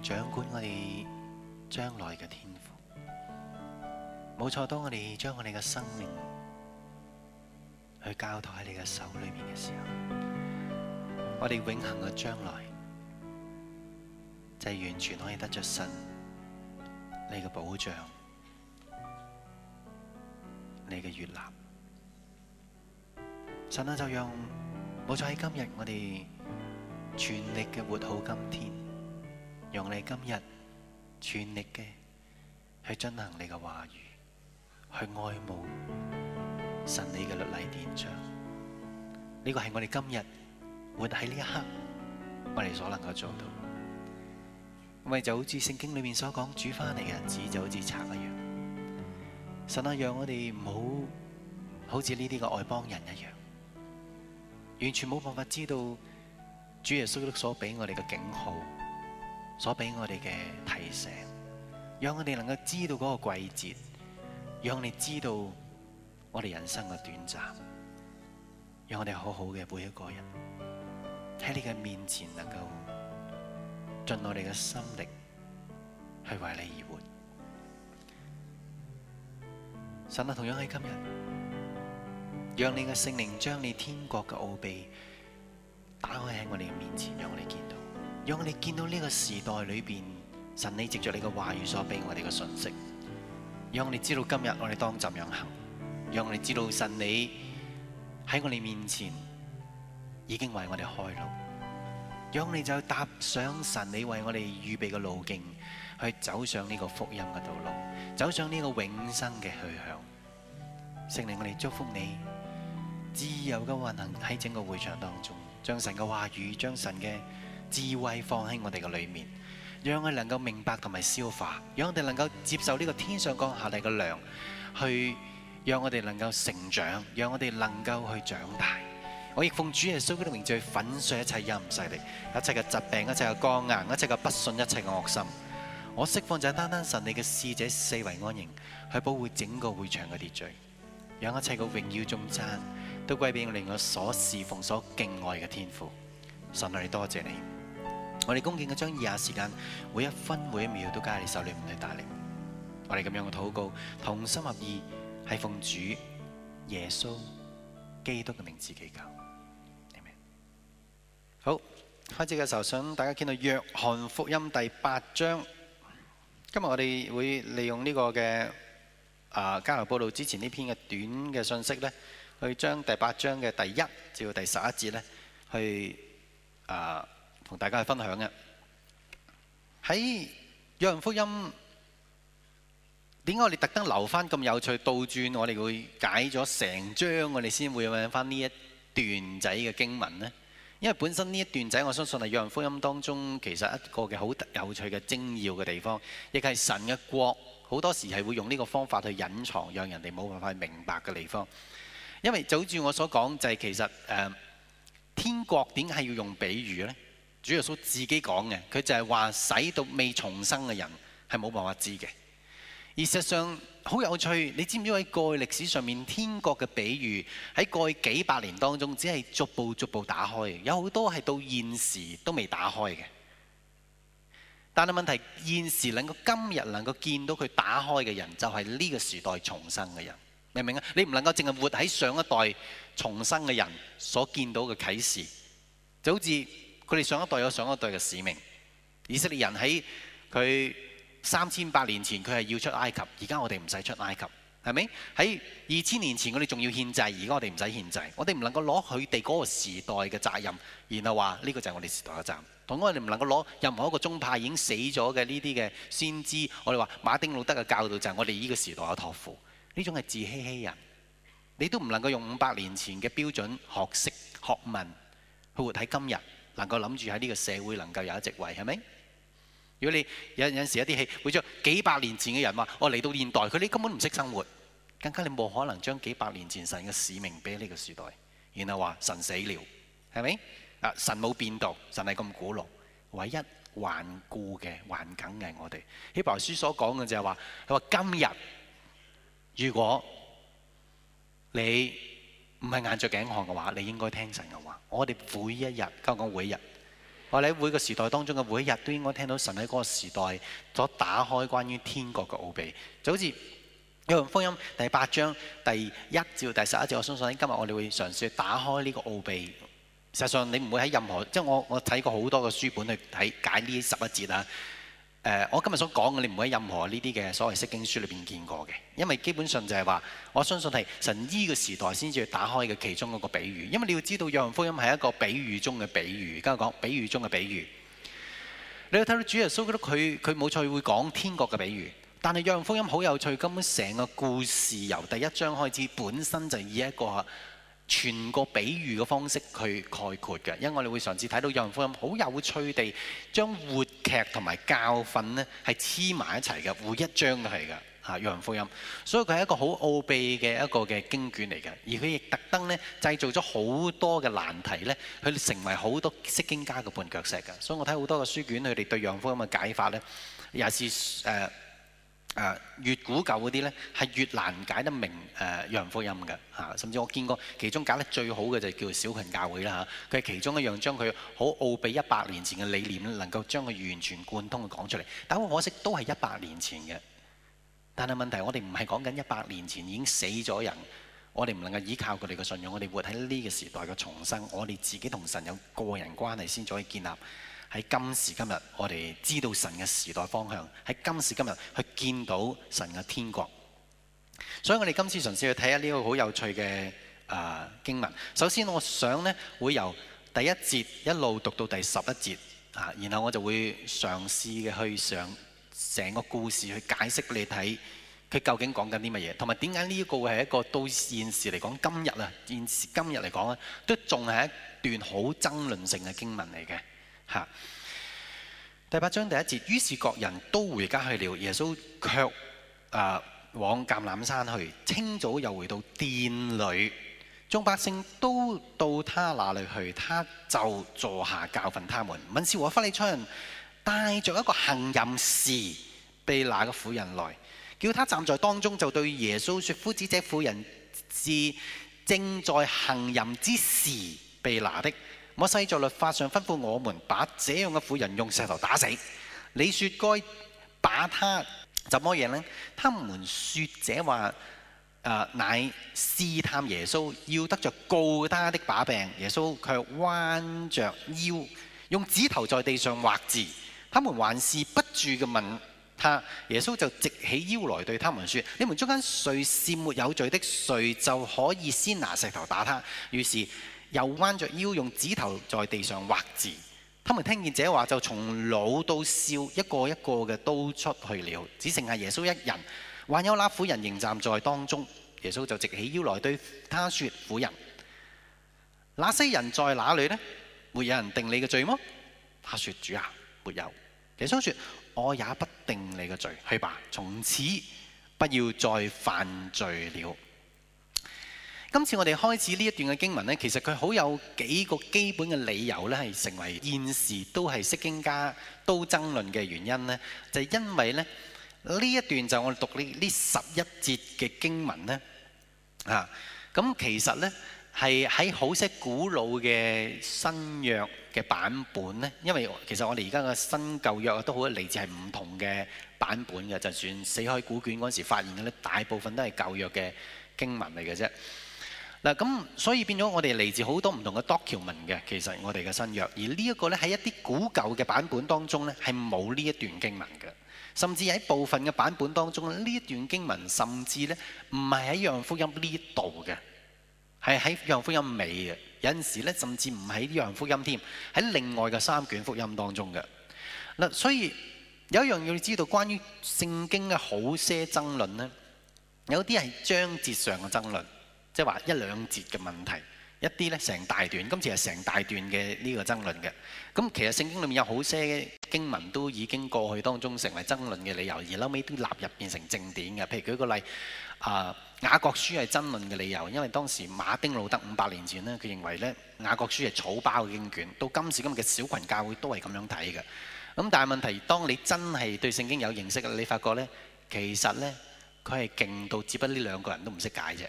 掌管我哋將來嘅天賦，冇錯。當我哋將我哋嘅生命去交託喺你嘅手裏面嘅時候，我哋永恆嘅將來就係完全可以得着神你嘅保障、你嘅悅納。神啊，就用冇錯喺今日，我哋全力嘅活好今天。讓你今日全力嘅去進行你嘅話語，去愛慕神的，你嘅律例典章。呢個係我哋今日活喺呢一刻，我哋所能夠做到。咁咪就好似聖經裏面所講，主返嚟嘅日子就好似賊一樣。神啊，讓我哋唔好好似呢啲嘅外邦人一樣，完全冇辦法知道主耶穌所俾我哋嘅警號，所俾我哋嘅提醒，讓我哋能夠知道嗰個季節，讓我哋知道我哋人生嘅短暫，讓我哋好好嘅每一個人喺你嘅面前，能夠盡我哋嘅心力去為你而活。神啊，同樣喺今日，讓你嘅聖靈將你天國嘅奧秘打開喺我哋嘅面前，讓我哋見到。讓我哋見到呢個時代裏邊，神你藉着你嘅話語所俾我哋嘅信息，讓我哋知道今日我哋當怎樣行，讓我哋知道神你喺我哋面前已經為我哋開路，讓我哋就踏上神你為我哋預備嘅路徑，去走上呢個福音嘅道路，走上呢個永生嘅去向。聖靈，我哋祝福你，自由嘅運行喺整個會場當中，將神嘅話語，將神嘅。智慧放喺我哋嘅裏面，讓我哋能夠明白同埋消化，讓我哋能夠接受呢個天上降下嚟嘅糧，去讓我哋能夠成長，讓我哋能夠去長大。我亦奉主耶穌基督嘅名，就去粉碎一切陰勢力、一切嘅疾病、一切嘅剛硬、一切嘅不信、一切嘅惡心。我釋放就係單單神，你嘅使者四圍安營，去保護整個會場嘅秩序，讓一切嘅榮耀頌讚都歸畀我令我所侍奉、所敬愛嘅天父。神啊，我哋多謝你。我哋恭敬嘅，將以下時間，每一分每一秒都加喺你手裏，唔去大力。我哋咁樣嘅禱告，同心合意，係奉主耶穌基督嘅名字祈求。Amen. 好，開始嘅時候想大家見到《約翰福音》第八章。今日我哋會利用呢個嘅啊，交、呃、流報道之前呢篇嘅短嘅信息咧，去將第八章嘅第一至到第十一節咧，去啊。呃同大家去分享嘅喺《約翰福音》，點解我哋特登留翻咁有趣倒轉我們？我哋會解咗成章，我哋先會揾翻呢一段仔嘅經文呢。因為本身呢一段仔，我相信係《約翰福音》當中其實一個嘅好有趣嘅精要嘅地方，亦係神嘅國好多時係會用呢個方法去隱藏，讓人哋冇辦法明白嘅地方。因為就好似我所講，就係、是、其實誒、呃、天國點解要用比喻呢？主耶穌自己講嘅，佢就係話：使到未重生嘅人係冇辦法知嘅。而事實上好有趣，你知唔知喺過去歷史上面，天國嘅比喻喺過去幾百年當中，只係逐步逐步打開，有好多係到現時都未打開嘅。但係問題，現時能夠今日能夠見到佢打開嘅人，就係呢個時代重生嘅人，明唔明啊？你唔能夠淨係活喺上一代重生嘅人所見到嘅啟示，就好似。我哋上一代有上一代嘅使命。以色列人喺佢三千百年前，佢係要出埃及，而家我哋唔使出埃及，係咪？喺二千年前，我哋仲要獻祭，而家我哋唔使獻祭，我哋唔能夠攞佢哋嗰個時代嘅責任，然後話呢、呢個就係我哋時代嘅責任，同我哋唔能夠攞任何一個宗派已經死咗嘅呢啲嘅先知。我哋話馬丁路德嘅教導就係我哋呢個時代嘅託付。呢種係自欺欺人。你都唔能夠用五百年前嘅標準學識學問去活喺今日。能夠諗住喺呢個社會能夠有一席位，係咪？如果你有有時一啲戲，會將幾百年前嘅人話：我、哦、嚟到現代，佢哋根本唔識生活，更加你冇可能將幾百年前神嘅使命俾呢個時代。然後話神死了，係咪？啊，神冇變動，神係咁古老，唯一頑固嘅、頑境嘅係我哋希伯來書所講嘅就係話：佢話今日如果你。唔係硬著頸項嘅話，你應該聽神嘅話。我哋每一日，今日講每一日，我哋喺每一個時代當中嘅每一日，都應該聽到神喺嗰個時代所打開關於天國嘅奧秘。就好似《約翰福音》第八章第一至第十一節，我相信今日我哋會嘗試打開呢個奧秘。事實上，你唔會喺任何，即係我我睇過好多嘅書本去睇解呢十一節啊。誒，我今日所講嘅，你唔會喺任何呢啲嘅所謂釋經書裏邊見過嘅，因為基本上就係話，我相信係神醫嘅時代先至打開嘅其中一個比喻，因為你要知道約翰福音係一個比喻中嘅比喻，而家講，比喻中嘅比喻。你要睇到主耶穌嗰度，佢佢冇錯會講天國嘅比喻，但係約翰福音好有趣，根本成個故事由第一章開始，本身就以一個。全個比喻嘅方式去概括嘅。因為我哋會嘗試睇到約翰福音，好有趣地將活劇同埋教訓呢係黐埋一齊嘅，每一章都係㗎嚇約翰福音，所以佢係一個好奧秘嘅一個嘅經卷嚟嘅，而佢亦特登呢製造咗好多嘅難題呢，佢成為好多釋經家嘅絆腳石㗎，所以我睇好多個書卷，佢哋對約翰福音嘅解法呢，也是誒。呃越古舊嗰啲呢，係越難解得明誒約翰福音嘅嚇，甚至我見過其中搞得最好嘅就叫小群教會啦嚇，佢係其中一樣將佢好奧秘一百年前嘅理念能夠將佢完全貫通去講出嚟，但係可惜都係一百年前嘅。但係問題我哋唔係講緊一百年前已經死咗人，我哋唔能夠依靠佢哋嘅信仰，我哋活喺呢個時代嘅重生，我哋自己同神有個人關係先可以建立。喺今時今日，我哋知道神嘅時代方向。喺今時今日，去見到神嘅天國。所以我哋今次嘗試去睇下呢個好有趣嘅啊、呃、經文。首先，我想呢會由第一節一路讀到第十一節啊，然後我就會嘗試嘅去想成個故事去解釋俾你睇，佢究竟講緊啲乜嘢，同埋點解呢個係一個到現時嚟講今日啊，現時今日嚟講咧都仲係一段好爭論性嘅經文嚟嘅。第八章第一節，於是各人都回家去了。耶穌卻、呃、往橄欖山去。清早又回到殿裏，眾百姓都到他那裏去，他就坐下教訓他們。文士和法利賽人帶着一個行淫時被拿的婦人來，叫他站在當中，就對耶穌説：夫子，這婦人是正在行淫之時被拿的。摩西在律法上吩咐我們把這樣嘅婦人用石頭打死，你説該把他怎麼樣呢？他們説這話、呃，乃試探耶穌，要得着告他的把柄。耶穌卻彎着腰，用指頭在地上畫字。他們還是不住嘅問他，耶穌就直起腰來對他們説：你們中間誰是沒有罪的，誰就可以先拿石頭打他。於是又彎着腰，用指頭在地上畫字。他們聽見這話，就從老到少一個一個嘅都出去了，只剩下耶穌一人。還有那婦人仍站在當中。耶穌就直起腰來對他説：婦人，那些人在哪裏呢？沒有人定你嘅罪嗎？他説：主啊，沒有。耶穌説：我也不定你嘅罪，去吧，從此不要再犯罪了。今次我哋開始呢一段嘅經文咧，其實佢好有幾個基本嘅理由咧，係成為現時都係釋經家都爭論嘅原因咧。就係因為咧呢一段就係我哋讀呢呢十一節嘅經文咧啊，咁其實咧係喺好些古老嘅新約嘅版本咧，因為其實我哋而家嘅新舊約啊都好嚟自係唔同嘅版本嘅，就算死海古卷嗰陣時發現嘅咧，大部分都係舊約嘅經文嚟嘅啫。嗱咁，所以變咗我哋嚟自好多唔同嘅 document 嘅，其實我哋嘅新約，而呢一個咧喺一啲古舊嘅版本當中咧係冇呢一段經文嘅，甚至喺部分嘅版本當中，呢一段經文甚至咧唔係喺羊福音呢度嘅，係喺羊福音尾嘅，有陣時咧甚至唔喺羊福音添，喺另外嘅三卷福音當中嘅。嗱，所以有一樣要你知道關於聖經嘅好些爭論咧，有啲係章節上嘅爭論。即係話一兩節嘅問題，一啲呢成大段。今次係成大段嘅呢個爭論嘅咁。其實聖經裡面有好些經文都已經過去當中成為爭論嘅理由，而後尾都納入變成正典嘅。譬如舉個例，啊、呃、雅各書係爭論嘅理由，因為當時馬丁路德五百年前呢，佢認為呢，雅各書係草包嘅經卷，到今時今日嘅小群教會都係咁樣睇嘅。咁但係問題，當你真係對聖經有認識，你發覺呢，其實呢，佢係勁到只不呢兩個人都唔識解啫。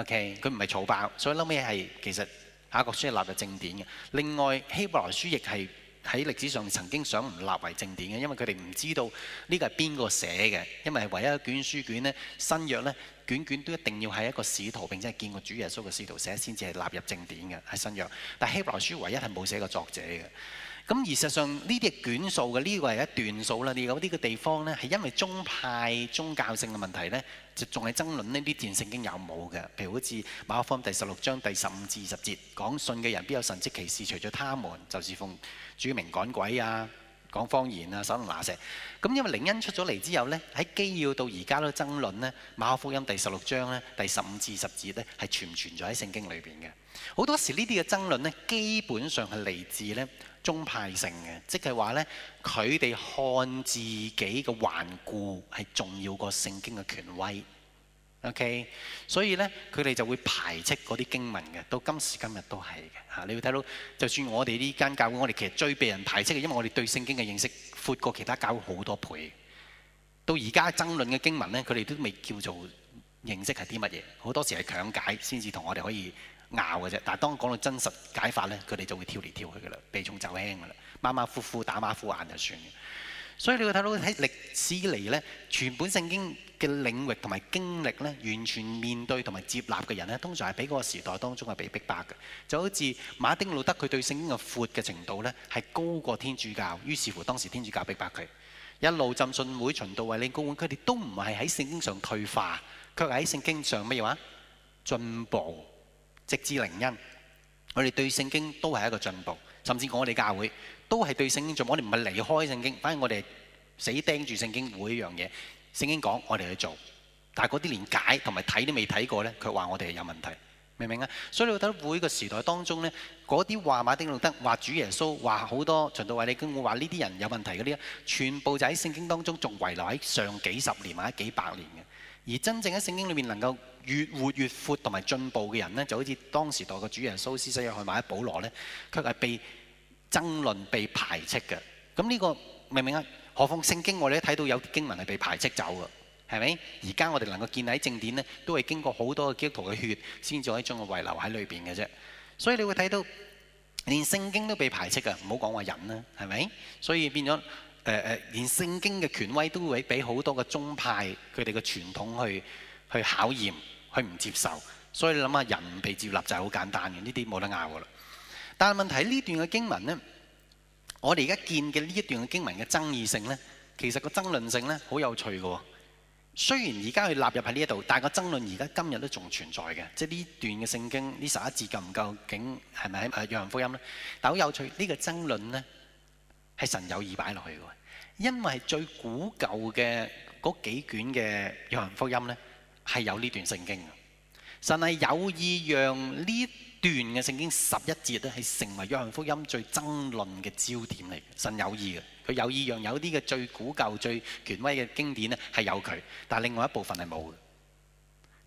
OK，佢唔係草包，所以後屘係其實雅各書立入正典嘅。另外希伯來書亦係喺歷史上曾經想唔立為正典嘅，因為佢哋唔知道呢個係邊個寫嘅，因為唯一一卷書卷呢，新約呢，卷卷都一定要係一個使徒並且係見過主耶穌嘅使徒寫先至係納入正典嘅喺新約。但希伯來書唯一係冇寫個作者嘅。咁而事實上呢啲係卷數嘅，呢個係一段數啦。你有呢個地方呢，係因為宗派宗教性嘅問題呢，就仲係爭論呢啲段聖經有冇嘅。譬如好似馬可福音第十六章第十五至二十節，講信嘅人必有神蹟奇事，除咗他們，就是奉主名趕鬼啊。講方言啊，手能拿蛇。咁因為靈恩出咗嚟之後呢，喺基要到而家都爭論呢，馬可福音第十六章呢，第十五至十節呢，係存唔存在喺聖經裏邊嘅。好多時呢啲嘅爭論呢，基本上係嚟自呢宗派性嘅，即係話呢，佢哋看自己嘅頑固係重要過聖經嘅權威。O.K.，所以咧，佢哋就會排斥嗰啲經文嘅，到今時今日都係嘅。嚇，你會睇到，就算我哋呢間教會，我哋其實最被人排斥嘅，因為我哋對聖經嘅認識闊過其他教會好多倍。到而家爭論嘅經文咧，佢哋都未叫做認識係啲乜嘢，好多時係強解先至同我哋可以拗嘅啫。但係當講到真實解法咧，佢哋就會跳嚟跳去嘅啦，避重就輕嘅啦，馬馬虎虎打馬虎眼就算嘅。所以你會睇到喺歷史嚟呢，全本聖經嘅領域同埋經歷呢，完全面對同埋接納嘅人呢，通常係俾個時代當中係俾逼迫嘅。就好似馬丁路德，佢對聖經嘅闊嘅程度呢係高過天主教，於是乎當時天主教逼迫佢。一路浸信會、循道衛理公會，佢哋都唔係喺聖經上退化，卻係喺聖經上乜嘢話進步，直至靈恩。我哋對聖經都係一個進步，甚至講我哋教會。都係對聖經做，我哋唔係離開聖經，反而我哋死盯住聖經每一樣嘢。聖經講，我哋去做，但嗰啲連解同埋睇都未睇過呢，佢話我哋係有問題，明唔明啊？所以你覺得每個時代當中呢，嗰啲話馬丁路德話主耶穌話好多循道衞理公會話呢啲人有問題嗰啲全部就喺聖經當中仲遺留喺上幾十年或者幾百年嘅。而真正喺聖經裏面能夠越活越闊同埋進步嘅人呢，就好似當時代個主耶穌、施洗約翰或者保羅呢，卻係被爭論被排斥嘅，咁呢個明明啊？何況聖經我哋都睇到有啲經文係被排斥走嘅，係咪？而家我哋能夠見喺正典呢，都係經過好多嘅基督徒嘅血先至可以將佢遺留喺裏邊嘅啫。所以你會睇到連聖經都被排斥嘅，唔好講話人啦，係咪？所以變咗誒誒，連聖經嘅權威都會俾好多嘅宗派佢哋嘅傳統去去考驗，去唔接受。所以你諗下人被接納就係好簡單嘅，呢啲冇得拗嘅啦。但係問題呢段嘅經文呢，我哋而家見嘅呢一段嘅經文嘅爭議性呢，其實個爭論性呢，好有趣嘅。雖然而家佢納入喺呢一度，但係個爭論而家今日都仲存在嘅，即係呢段嘅聖經呢十一字夠唔夠究竟係咪喺誒約翰福音呢？但好有趣，呢、這個爭論呢，係神有意擺落去嘅，因為最古舊嘅嗰幾卷嘅約翰福音呢，係有呢段聖經嘅，神係有意讓呢。段嘅聖經十一節咧，係成為約翰福音最爭論嘅焦點嚟，神有意嘅。佢有意讓有啲嘅最古舊、最權威嘅經典咧係有佢，但係另外一部分係冇嘅。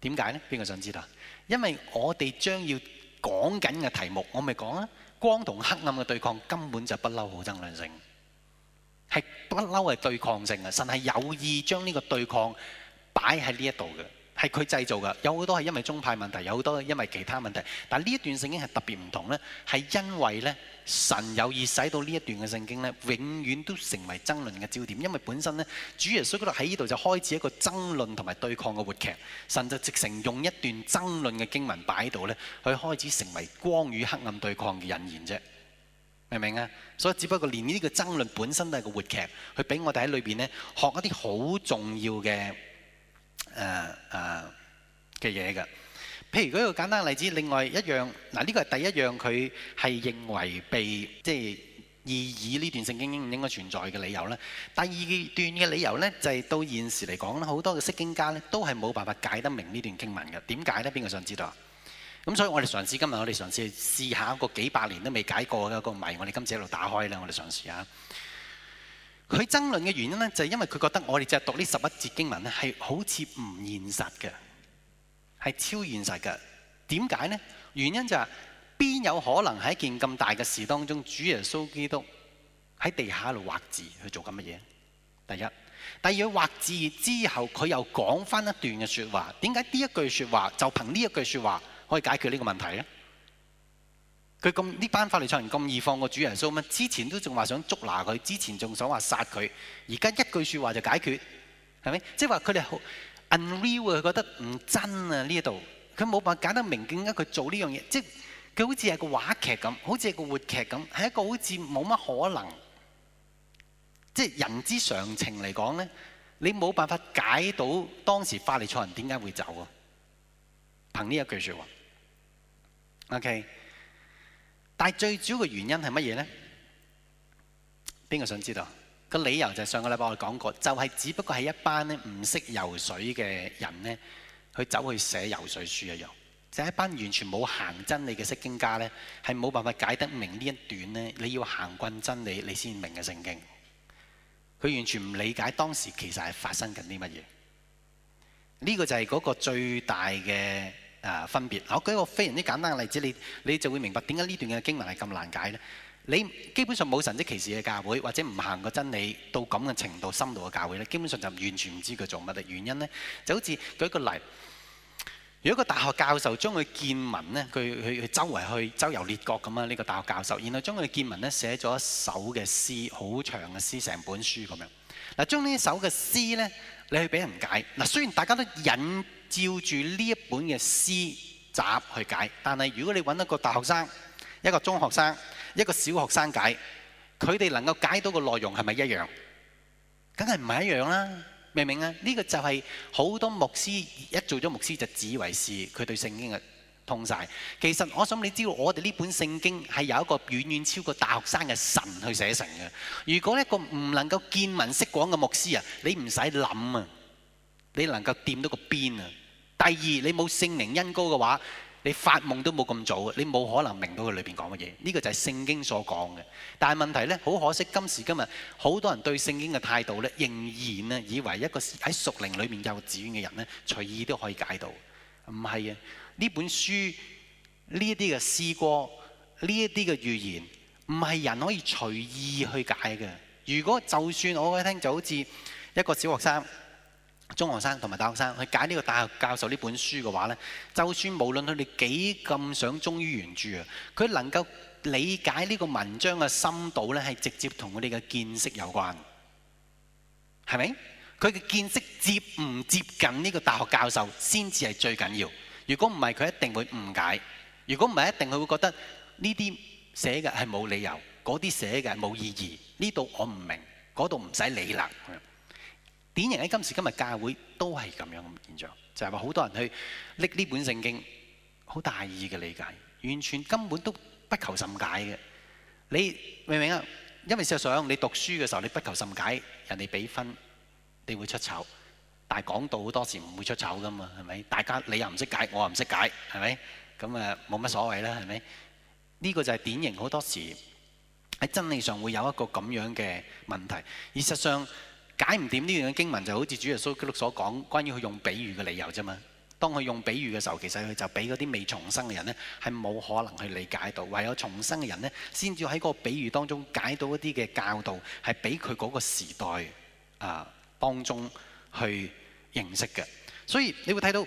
點解咧？邊個想知道？因為我哋將要講緊嘅題目，我咪講啦。光同黑暗嘅對抗根本就不嬲好爭論性係不嬲係對抗性啊！神係有意將呢個對抗擺喺呢一度嘅。係佢製造㗎，有好多係因為宗派問題，有好多因為其他問題。但係呢一段聖經係特別唔同呢，係因為呢神有意使到呢一段嘅聖經呢，永遠都成為爭論嘅焦點。因為本身呢，主耶穌嗰度喺呢度就開始一個爭論同埋對抗嘅活劇，神就直成用一段爭論嘅經文擺喺度咧，去開始成為光與黑暗對抗嘅引言啫。明唔明啊？所以只不過連呢個爭論本身都係個活劇，佢俾我哋喺裏邊呢學一啲好重要嘅。誒誒嘅嘢嘅，譬如嗰個簡單例子，另外一樣。嗱，呢個係第一樣，佢係認為被即係意議呢段聖經應唔應該存在嘅理由啦。第二段嘅理由呢，就係、是、到現時嚟講呢，好多嘅釋經家呢都係冇辦法解得明呢段經文嘅。點解呢？邊個想知道啊？咁所以我哋嘗試今日，我哋嘗試試下個幾百年都未解過嘅一個謎，我哋今次喺度打開啦，我哋嘗試下。佢爭論嘅原因呢，就係因為佢覺得我哋淨係讀呢十一節經文呢，係好似唔現實嘅，係超現實嘅。點解呢？原因就係、是、邊有可能喺件咁大嘅事當中，主耶穌基督喺地下度畫字去做緊乜嘢？第一，第二，佢畫字之後，佢又講返一段嘅説話。點解呢一句説話就憑呢一句説話可以解決呢個問題呢？佢呢班法利賽人咁易放過主人蘇咩？之前都仲話想捉拿佢，之前仲想話殺佢，而家一句説話就解決，係咪？即係話佢哋好 unreal 啊，佢覺得唔真啊呢度。佢冇辦法解得明點解佢做呢樣嘢，即係佢好似係個話劇咁，好似係個活劇咁，係一個好似冇乜可能，即係人之常情嚟講咧，你冇辦法解到當時法利賽人點解會走啊？憑呢一句説話，OK。但最主要嘅原因係乜嘢呢？邊個想知道？個理由就係上個禮拜我講過，就係、是、只不過係一班咧唔識游水嘅人呢，去走去寫游水書一樣，就係、是、一班完全冇行真理嘅釋經家呢，係冇辦法解得明呢一段呢，你要行緊真理，你先明嘅聖經。佢完全唔理解當時其實係發生緊啲乜嘢。呢、這個就係嗰個最大嘅。誒、啊、分別，我、啊、舉一個非常之簡單嘅例子，你你就會明白點解呢段嘅經文係咁難解咧？你基本上冇神蹟奇事嘅教會，或者唔行過真理到咁嘅程度深度嘅教會呢，基本上就完全唔知佢做乜嘅原因呢。就好似舉一個例子，如果個大學教授將佢見聞呢，佢佢佢周圍去周遊列國咁啊，呢、這個大學教授，然後將佢見聞呢寫咗一首嘅詩，好長嘅詩，成本書咁樣。嗱、啊，將呢首嘅詩呢，你去俾人解嗱、啊，雖然大家都引，照住呢一本嘅詩集去解，但係如果你揾一個大學生、一個中學生、一個小學生解，佢哋能夠解到個內容係咪一樣？梗係唔係一樣啦？明唔明啊？呢個就係好多牧師一做咗牧師就自以為是，佢對聖經係通晒。其實我想你知道，我哋呢本聖經係有一個遠遠超過大學生嘅神去寫成嘅。如果一個唔能夠見聞識廣嘅牧師啊，你唔使諗啊，你能夠掂到個邊啊？第二，你冇聖靈恩膏嘅話，你發夢都冇咁早，你冇可能明到佢裏邊講嘅嘢。呢個就係聖經所講嘅。但係問題呢，好可惜今時今日，好多人對聖經嘅態度呢，仍然呢，以為一個喺屬靈裏面幼稚園嘅人呢，隨意都可以解到。唔係啊，呢本書呢一啲嘅詩歌，呢一啲嘅預言，唔係人可以隨意去解嘅。如果就算我一聽，就好似一個小學生、中學生同埋大學生去解呢個大學教授呢本書嘅話咧，就算無論佢哋幾咁想忠於原著，佢能夠理解呢個文章嘅深度咧，係直接同佢哋嘅見識有關，係咪？佢嘅見識接唔接近呢個大學教授先至係最緊要。如果唔係，佢一定會誤解。如果唔係，一定佢會覺得呢啲寫嘅係冇理由，嗰啲寫嘅係冇意義。呢度我唔明，嗰度唔使理啦。典型喺今時今日教會都係咁樣嘅現象，就係話好多人去拎呢本聖經好大意嘅理解，完全根本都不求甚解嘅。你明唔明啊？因為事實上你讀書嘅時候你不求甚解，人哋俾分，你會出醜；但係講道好多時唔會出醜噶嘛，係咪？大家你又唔識解，我又唔識解，係咪？咁誒冇乜所謂啦，係咪？呢個就係典型好多時喺真理上會有一個咁樣嘅問題，而事實上。解唔掂呢樣經文，就好似主耶穌基督所講，關於佢用比喻嘅理由啫嘛。當佢用比喻嘅時候，其實佢就俾嗰啲未重生嘅人呢，係冇可能去理解到；唯有重生嘅人呢，先至喺嗰個比喻當中解到一啲嘅教導，係俾佢嗰個時代啊、呃、當中去認識嘅。所以你會睇到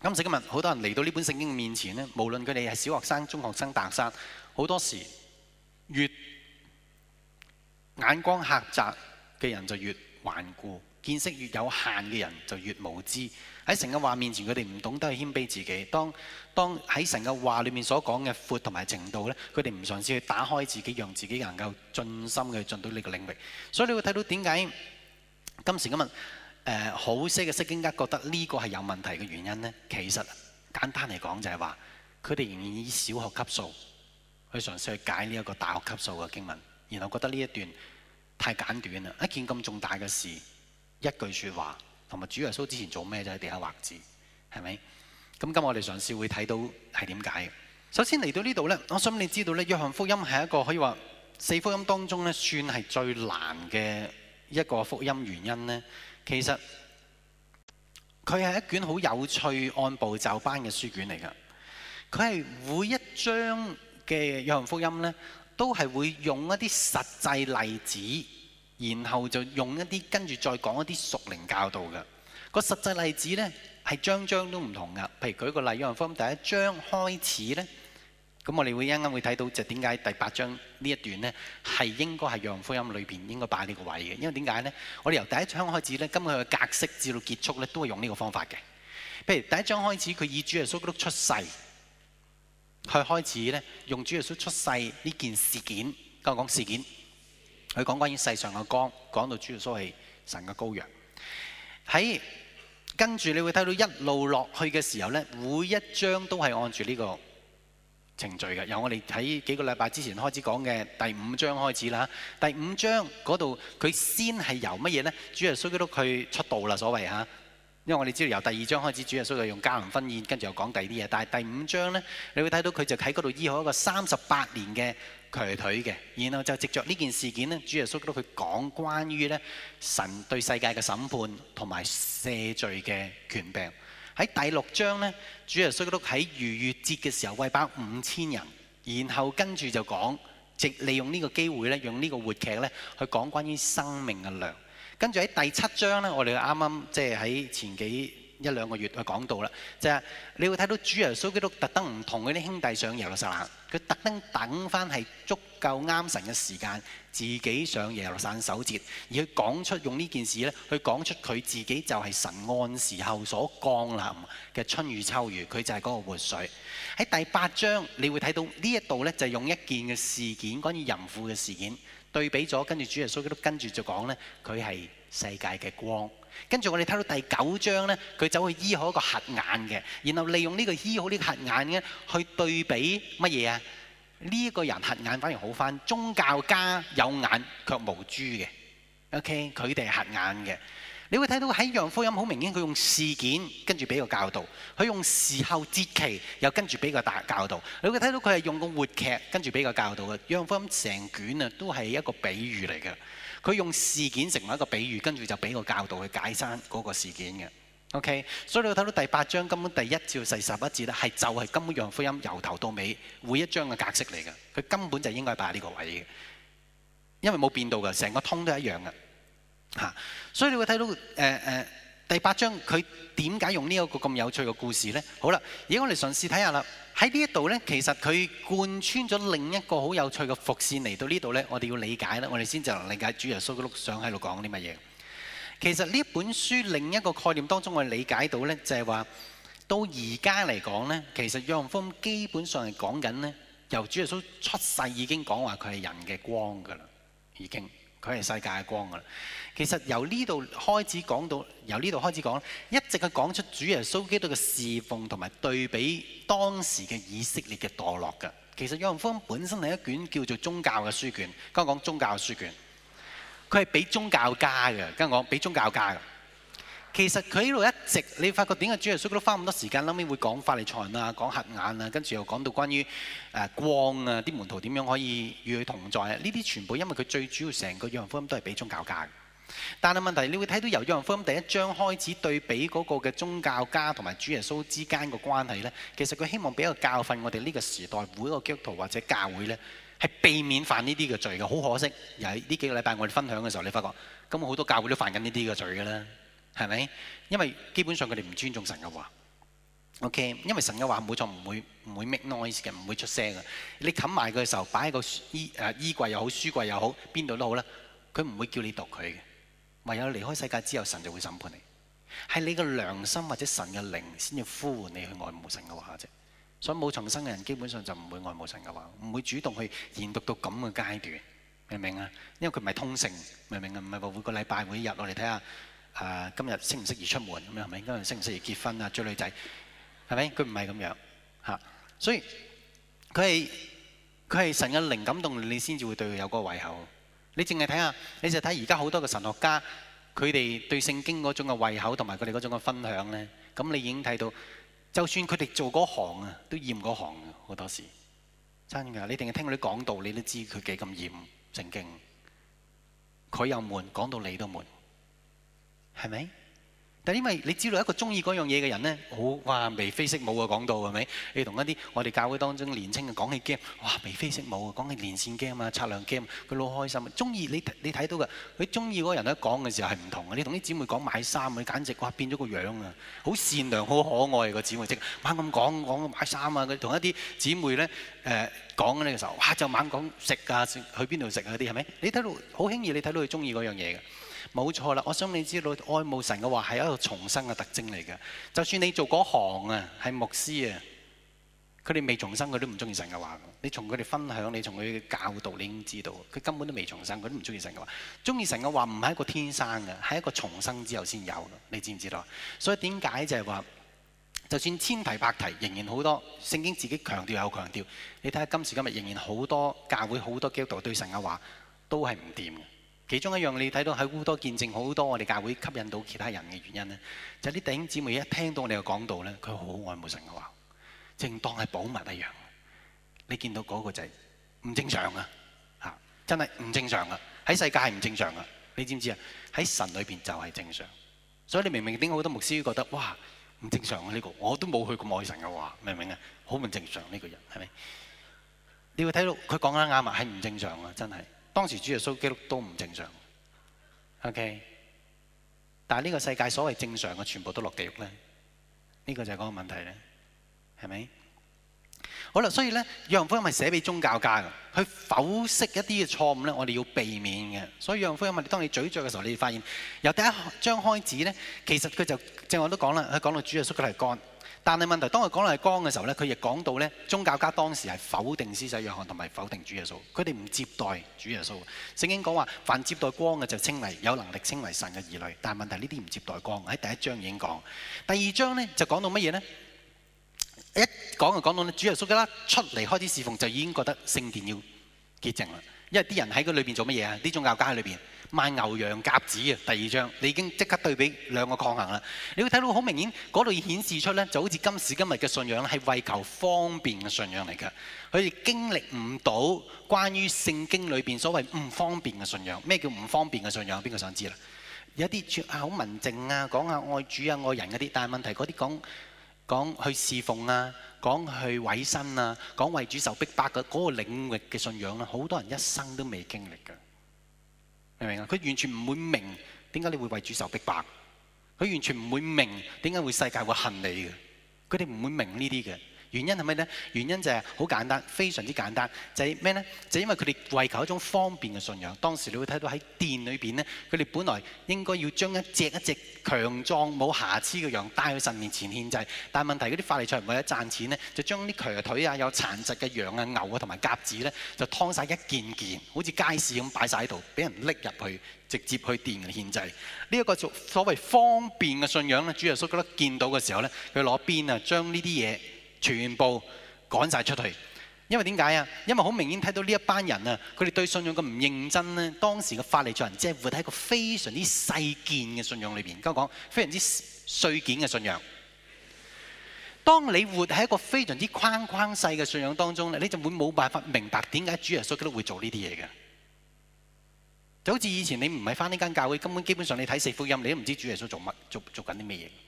今時今日，好多人嚟到呢本聖經面前呢，無論佢哋係小學生、中學生、大學生，好多時越眼光狹窄嘅人就越。頑固，見識越有限嘅人就越無知。喺神嘅話面前，佢哋唔懂得去謙卑自己，當當喺神嘅話裏面所講嘅闊同埋程度呢，佢哋唔嘗試去打開自己，讓自己能夠盡心嘅進到呢個領域。所以你會睇到點解今時今日、呃、好些嘅釋經家覺得呢個係有問題嘅原因呢？其實簡單嚟講就係話佢哋仍然以小學級數去嘗試去解呢一個大學級數嘅經文，然後覺得呢一段。太簡短啦！一件咁重大嘅事，一句説話，同埋主耶穌之前做咩啫？喺、就是、地下畫字，係咪？咁今日我哋嘗試會睇到係點解。首先嚟到呢度呢，我想你知道呢，約翰福音係一個可以話四福音當中咧，算係最難嘅一個福音原因呢。其實佢係一卷好有趣、按部就班嘅書卷嚟噶，佢係每一章嘅約翰福音呢。都係會用一啲實際例子，然後就用一啲跟住再講一啲屬靈教導嘅。那個實際例子呢係章章都唔同噶，譬如舉個例，約翰福音第一章開始呢，咁我哋會啱啱會睇到就點解第八章呢一段呢係應該係約翰福音裏邊應該擺呢個位嘅，因為點解呢？我哋由第一章開始咧，根本佢嘅格式至到結束呢，都係用呢個方法嘅。譬如第一章開始佢以主耶穌出世。佢開始咧，用主耶穌出世呢件事件，我講事件，去講關於世上嘅光，講到主耶穌係神嘅羔羊。喺跟住你會睇到一路落去嘅時候咧，每一章都係按住呢個程序嘅。由我哋喺幾個禮拜之前開始講嘅第五章開始啦。第五章嗰度佢先係由乜嘢咧？主耶穌基督佢出道啦，所謂嚇。因為我哋知道由第二章開始，主耶穌就用迦拿婚宴，跟住又講第二啲嘢。但係第五章呢，你會睇到佢就喺嗰度醫好一個三十八年嘅瘸腿嘅，然後就藉着呢件事件呢，主耶穌都佢講關於呢神對世界嘅審判同埋赦罪嘅權柄。喺第六章呢，主耶穌都喺逾越節嘅時候餵飽五千人，然後跟住就講，藉利用呢個機會呢，用呢個活劇呢，去講關於生命嘅糧。跟住喺第七章呢，我哋啱啱即係喺前幾一兩個月去講到啦，即係你會睇到主耶穌基督特登唔同嗰啲兄弟上耶路撒冷，佢特登等翻係足夠啱神嘅時間自己上耶路撒冷守節，而佢講出用呢件事呢，去講出佢自己就係神按時候所降臨嘅春雨秋雨，佢就係嗰個活水。喺第八章，你會睇到呢一度呢，就用一件嘅事件，關於淫婦嘅事件。對比咗，跟住主耶穌都跟住就講呢，佢係世界嘅光。跟住我哋睇到第九章呢，佢走去醫好一個瞎眼嘅，然後利用呢個醫好呢個瞎眼嘅，去對比乜嘢啊？呢、這、一個人瞎眼反而好返，宗教家有眼卻無珠嘅，OK，佢哋係瞎眼嘅。你會睇到喺《約翰福音》好明顯，佢用事件跟住俾個教導，佢用時候節期又跟住俾個教導。你會睇到佢係用個活劇跟住俾個教導嘅《約翰福音》成卷啊，都係一個比喻嚟嘅。佢用事件成為一個比喻，跟住就俾個教導去解散嗰個事件嘅。OK，所以你會睇到第八章根本第一至到第十一節咧，係就係，是，根本《約翰福音》由頭到尾每一章嘅格式嚟嘅。佢根本就應該擺喺呢個位嘅，因為冇變到嘅，成個通都係一樣嘅。嚇、啊！所以你會睇到誒誒、呃呃、第八章，佢點解用呢一個咁有趣嘅故事咧？好啦，而家我哋嘗試睇下啦。喺呢一度咧，其實佢貫穿咗另一個好有趣嘅伏線嚟到呢度咧，我哋要理解啦，我哋先就能理解主耶穌嘅錄想喺度講啲乜嘢。其實呢本書另一個概念當中，我理解到咧，就係、是、話到而家嚟講咧，其實約翰基本上係講緊咧，由主耶穌出世已經講話佢係人嘅光噶啦，已經。佢係世界嘅光噶啦，其實由呢度開始講到，由呢度開始講，一直係講出主耶穌基督嘅侍奉，同埋對比當時嘅以色列嘅墮落嘅。其實《約翰福音》本身係一卷叫做宗教嘅書卷，剛剛講宗教嘅書卷，佢係俾宗教家嘅，跟住講俾宗教家嘅。其實佢呢度一直你發覺點解主耶穌都花咁多時間，後尾會講法利賽人啊，講瞎眼啊，跟住又講到關於誒光啊，啲門徒點樣可以與佢同在啊？呢啲全部因為佢最主要成個約翰福音都係俾宗教家。但係問題你會睇到由約翰福音第一章開始對比嗰個嘅宗教家同埋主耶穌之間個關係呢。其實佢希望俾一個教訓我哋呢個時代每一個基督徒或者教會呢，係避免犯呢啲嘅罪嘅。好可惜，又係呢幾個禮拜我哋分享嘅時候，你發覺咁好多教會都犯緊呢啲嘅罪㗎啦。係咪？因為基本上佢哋唔尊重神嘅話。Okay，因為神嘅話冇錯，唔會唔會 make noise 嘅，唔會出聲嘅。你冚埋佢嘅時候，擺喺個衣誒衣櫃又好，書櫃又好，邊度都好啦。佢唔會叫你讀佢嘅，唯有離開世界之後，神就會審判你。係你嘅良心或者神嘅靈先至呼喚你去愛慕神嘅話啫。所以冇重生嘅人基本上就唔會愛慕神嘅話，唔會主動去研讀到咁嘅階段，明唔明啊？因為佢唔係通性，明唔明啊？唔係話每個禮拜每一日我哋睇下。啊！今日適唔適宜出門咁樣，係咪應該適唔適宜結婚啊、追女仔？係咪？佢唔係咁樣嚇，所以佢係佢係神嘅靈感動力，你先至會對佢有嗰個胃口。你淨係睇下，你就睇而家好多嘅神學家，佢哋對聖經嗰種嘅胃口同埋佢哋嗰種嘅分享咧，咁你已經睇到，就算佢哋做嗰行啊，都厭嗰行好多時。真㗎，你淨係聽佢啲講道，你都知佢幾咁厭聖經。佢又悶，講到你都悶。係咪？但係因為你知道一個中意嗰樣嘢嘅人咧，好哇，眉飛色舞啊，講到係咪？你同一啲我哋教會當中年輕嘅講起 game，哇眉飛色舞啊，講起連線 game 啊，測量 game，佢老開心。中意你，你睇到嘅，佢中意嗰個人喺講嘅時候係唔同嘅。你同啲姊妹講買衫，佢簡直哇，變咗個樣啊！好善良、好可愛個姊妹，即係猛咁講，講買衫啊！佢同一啲姊妹咧，誒，講嘅咧時候，哇，就猛講食啊，去邊度食啊啲係咪？你睇到好輕易你的，你睇到佢中意嗰樣嘢嘅。冇錯啦，我想你知道，愛慕神嘅話係一個重生嘅特徵嚟嘅。就算你做嗰行啊，係牧師啊，佢哋未重生，佢都唔中意神嘅話。你從佢哋分享，你從佢嘅教導，你已經知道，佢根本都未重生，佢都唔中意神嘅話。中意神嘅話唔係一個天生嘅，係一個重生之後先有。你知唔知道？所以點解就係話，就算千提百提，仍然好多聖經自己強調又強調。你睇下今時今日，仍然好多教會好多基督徒對神嘅話都係唔掂。其中一樣你睇到喺烏多見證，好多我哋教會吸引到其他人嘅原因咧，就係啲弟兄姊妹一聽到我哋嘅講道咧，佢好愛慕神嘅話，正當係寶物一樣。你見到嗰個仔唔正常啊？嚇，真係唔正常啊！喺世界係唔正常噶，你知唔知啊？喺神裏邊就係正常。所以你明唔明點解好多牧師覺得哇，唔正常啊呢個，我都冇去咁愛神嘅話，明唔明啊？好唔正常呢個人係咪？你會睇到佢講得啱啊，係唔正常啊，真係。當時主耶穌基督都唔正常，OK，但係呢個世界所謂正常嘅全部都落地獄咧，呢個就係個問題咧，係咪？好啦，所以咧《約翰福音》咪寫俾宗教家㗎，去否釋一啲嘅錯誤咧，我哋要避免嘅。所以《約翰福音》咪，當你咀嚼嘅時候，你會發現由第一章開始咧，其實佢就正如我都講啦，佢講到主耶穌佢係幹。但係問題，當佢講到係光嘅時候呢，佢亦講到呢，宗教家當時係否定施洗約翰同埋否定主耶穌，佢哋唔接待主耶穌。聖經講話，凡接待光嘅就稱為有能力，稱為神嘅兒女。但係問題呢啲唔接待光，喺第一章已經講。第二章呢就講到乜嘢呢？一講就講到呢主耶穌啦出嚟開始侍奉，就已經覺得聖殿要潔淨啦。因為啲人喺嗰裏邊做乜嘢啊？啲宗教家喺裏邊賣牛羊鴿子嘅，第二章，你已經即刻對比兩個抗衡啦。你會睇到好明顯，嗰度顯示出咧，就好似今時今日嘅信仰係為求方便嘅信仰嚟嘅。佢哋經歷唔到關於聖經裏邊所謂唔方便嘅信仰。咩叫唔方便嘅信仰？邊個想知啦？有啲好文靜啊，講下愛主啊愛人嗰啲，但係問題嗰啲講講去侍奉啊。講去委身啊，講為主受逼迫嗰嗰個領域嘅信仰啦，好多人一生都未經歷嘅，明唔明啊？佢完全唔會明點解你會為主受逼迫，佢完全唔會明點解會世界會恨你嘅，佢哋唔會明呢啲嘅。原因係咩呢？原因就係好簡單，非常之簡單，就係、是、咩呢？就是、因為佢哋為求一種方便嘅信仰。當時你會睇到喺殿裏邊呢，佢哋本來應該要將一隻一隻強壯冇瑕疵嘅羊帶去神面前獻祭，但係問題，嗰啲法利賽唔為咗賺錢呢，就將啲瘸腿啊、有殘疾嘅羊啊、牛啊同埋鴿子呢，就劏曬一件件，好似街市咁擺晒喺度，俾人拎入去，直接去殿裏獻祭。呢、這、一個所謂方便嘅信仰呢，主耶穌覺得見到嘅時候呢，佢攞鞭啊，將呢啲嘢。全部趕晒出去，因為點解啊？因為好明顯睇到呢一班人啊，佢哋對信仰咁唔認真呢。當時嘅法利賽人，即係活喺一個非常之細件嘅信仰裏邊。而家講非常之碎件嘅信仰。當你活喺一個非常之框框細嘅信仰當中咧，你就會冇辦法明白點解主耶穌基督會做呢啲嘢嘅。就好似以前你唔係翻呢間教會，根本基本上你睇四福音，你都唔知主耶穌做乜做做緊啲咩嘢。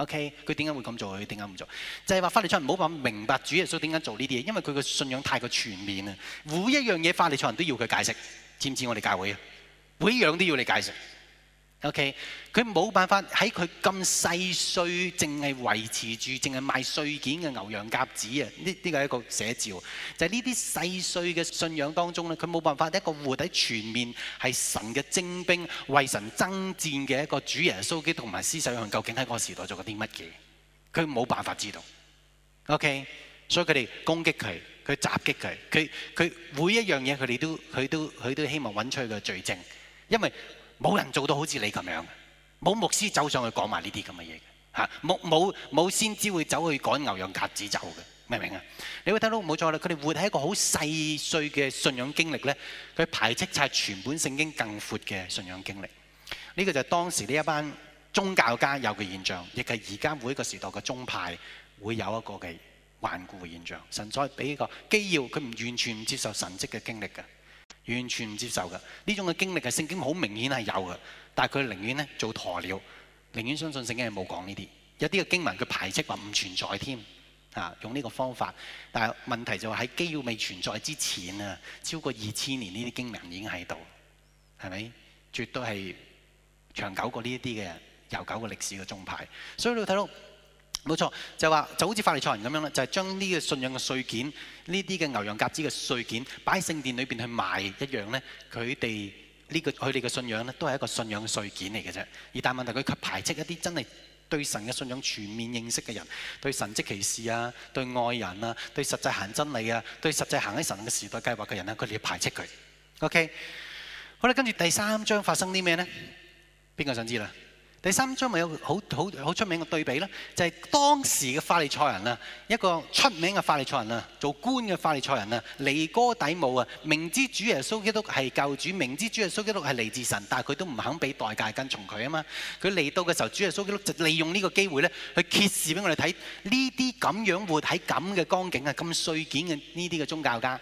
OK，佢點解會咁做？佢點解唔做？就係、是、話法利賽人，冇辦法明白主耶穌點解做呢啲嘢，因為佢嘅信仰太過全面啦。每一樣嘢法利賽人都要佢解釋，知唔知我哋教會啊？每一樣都要你解釋。O.K. 佢冇辦法喺佢咁細碎，淨係維持住，淨係賣碎件嘅牛羊鴿子啊！呢、呢個係一個寫照，就係呢啲細碎嘅信仰當中咧，佢冇辦法一個活體全面係神嘅精兵為神爭戰嘅一個主耶穌基督同埋施洗約翰究竟喺個時代做過啲乜嘢？佢冇辦法知道。O.K. 所以佢哋攻擊佢，佢襲擊佢，佢佢每一樣嘢佢哋都佢都佢都，都希望揾出佢嘅罪證，因為冇人做到好似你咁樣嘅，冇牧師走上去講埋呢啲咁嘅嘢嘅，嚇冇冇冇先知會走去趕牛羊鴿子走嘅，明唔明啊？你會睇到冇錯啦，佢哋活喺一個好細碎嘅信仰經歷咧，佢排斥晒全本聖經更闊嘅信仰經歷。呢、這個就是當時呢一班宗教家有嘅現象，亦係而家每一個時代嘅宗派會有一個嘅頑固嘅現象。神再俾個基要，佢唔完全唔接受神蹟嘅經歷嘅。完全唔接受㗎，呢種嘅經歷，係聖經好明顯係有嘅。但係佢寧願咧做鴕鳥，寧願相信聖經係冇講呢啲。有啲嘅經文佢排斥話唔存在添，啊，用呢個方法。但係問題就係、是、喺基要未存在之前啊，超過二千年呢啲經文已經喺度，係咪？絕對係長久過呢一啲嘅悠久嘅歷史嘅宗派。所以你會睇到。冇錯，就話就好似法利賽人咁樣咧，就係將呢個信仰嘅碎件，呢啲嘅牛羊夾子嘅碎件擺喺聖殿裏邊去賣一樣咧，佢哋呢個佢哋嘅信仰咧，都係一個信仰嘅碎件嚟嘅啫。而但問題佢卻排斥一啲真係對神嘅信仰全面認識嘅人，對神蹟歧視啊，對愛人啊，對實際行真理啊，對實際行喺神嘅時代計劃嘅人咧，佢哋要排斥佢。OK，好啦，跟住第三章發生啲咩呢？邊個想知啦？第三張咪有好好好出名嘅對比咧，就係當時嘅法利賽人啊，一個出名嘅法利賽人啊，做官嘅法利賽人啊，尼哥底母啊，明知主耶穌基督係救主，明知主耶穌基督係嚟自神，但係佢都唔肯俾代價跟從佢啊嘛。佢嚟到嘅時候，主耶穌基督就利用呢個機會咧，去揭示俾我哋睇呢啲咁樣活喺咁嘅光景啊，咁碎件嘅呢啲嘅宗教家。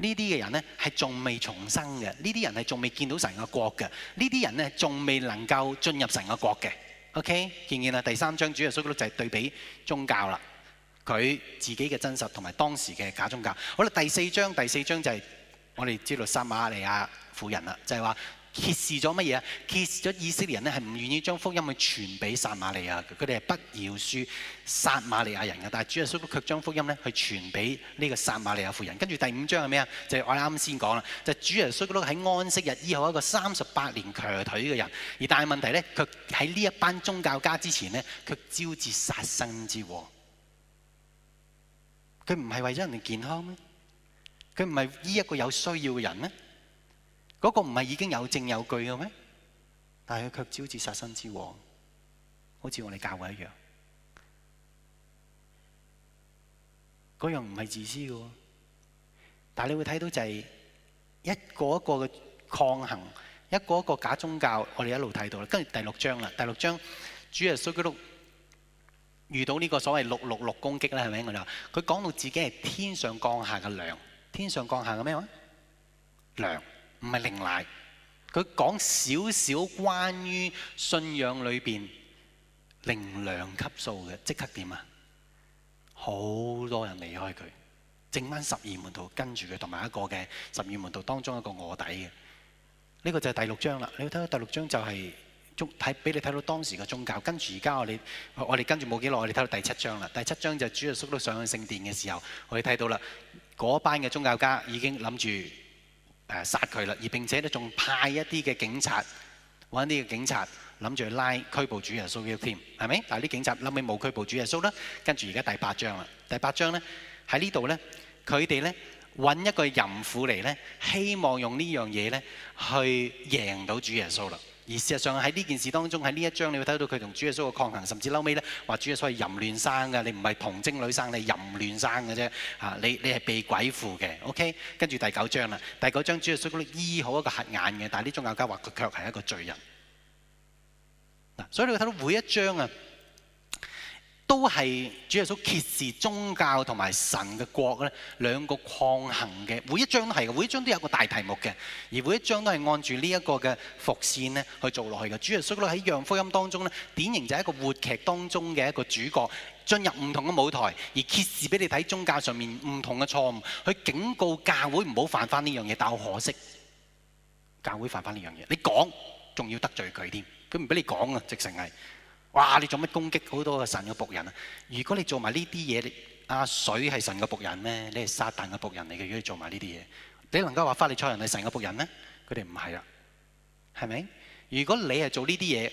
呢啲嘅人呢，係仲未重生嘅，呢啲人係仲未見到神嘅國嘅，呢啲人呢，仲未能夠進入神嘅國嘅。OK，見唔見啊？第三章主要所講就係對比宗教啦，佢自己嘅真實同埋當時嘅假宗教。好啦，第四章，第四章就係我哋知道撒瑪利亞婦人啦，就係話。揭示咗乜嘢啊？揭示咗以色列人咧，係唔願意將福音去傳俾撒瑪利亞，佢哋係不饒恕撒瑪利亞人噶。但係主耶穌卻將福音咧去傳俾呢個撒瑪利亞婦人。跟住第五章係咩啊？就係、我啱先講啦，就係、主耶穌喺安息日醫好一個三十八年瘸腿嘅人。而但係問題咧，佢喺呢一班宗教家之前咧，佢招致殺身之禍。佢唔係為咗人哋健康咩？佢唔係醫一個有需要嘅人咩？嗰個唔係已經有證有據嘅咩？但係佢卻招致殺身之禍，好似我哋教會一樣。嗰樣唔係自私嘅，但係你會睇到就係一個一個嘅抗衡，一個一個假宗教。我哋一路睇到啦，跟住第六章啦。第六章主耶穌基督遇到呢個所謂六六六攻擊咧，係咪我哋話？佢講到自己係天上降下嘅糧，天上降下嘅咩話糧？唔係靈奶，佢講少少關於信仰裏邊靈糧級數嘅，即刻點啊？好多人離開佢，剩翻十二門徒跟住佢，同埋一個嘅十二門徒當中一個臥底嘅。呢個就係第六章啦。你睇到第六章就係中睇俾你睇到當時嘅宗教，跟住而家我哋我我哋跟住冇幾耐，我哋睇到第七章啦。第七章就主耶穌都上去聖殿嘅時候，我哋睇到啦，嗰班嘅宗教家已經諗住。誒殺佢啦，而並且咧仲派一啲嘅警察，揾一啲嘅警察，諗住拉拘捕主耶穌添，係咪？但係啲警察諗起冇拘捕主耶穌啦。跟住而家第八章啦，第八章咧喺呢度咧，佢哋咧揾一個淫婦嚟咧，希望用呢樣嘢咧去贏到主耶穌啦。而事實上喺呢件事當中，喺呢一章你會睇到佢同主耶穌嘅抗衡，甚至後尾咧話主耶穌係淫亂生嘅，你唔係童貞女生，你淫亂生嘅啫嚇，你你係被鬼附嘅，OK？跟住第九章啦，第九章主耶穌佢醫好一個瞎眼嘅，但係啲宗教家話佢卻係一個罪人嗱，所以你會睇到每一章啊。都係主耶穌揭示宗教同埋神嘅國咧，兩個抗衡嘅每一章都係嘅，每一章都有一個大題目嘅，而每一章都係按住呢一個嘅伏線咧去做落去嘅。主耶穌咧喺《約翰福音》當中咧，典型就係一個活劇當中嘅一個主角，進入唔同嘅舞台，而揭示俾你睇宗教上面唔同嘅錯誤，去警告教會唔好犯翻呢樣嘢。但係可惜，教會犯翻呢樣嘢，你講仲要得罪佢添，佢唔俾你講啊，直情係。哇！你做咩攻擊好多個神嘅僕人啊？如果你做埋呢啲嘢，阿、啊、水係神嘅僕人咩？你係撒旦嘅僕人嚟嘅。如果你做埋呢啲嘢，你能夠話法利賽人係神嘅僕人咧？佢哋唔係啊，係咪？如果你係做呢啲嘢，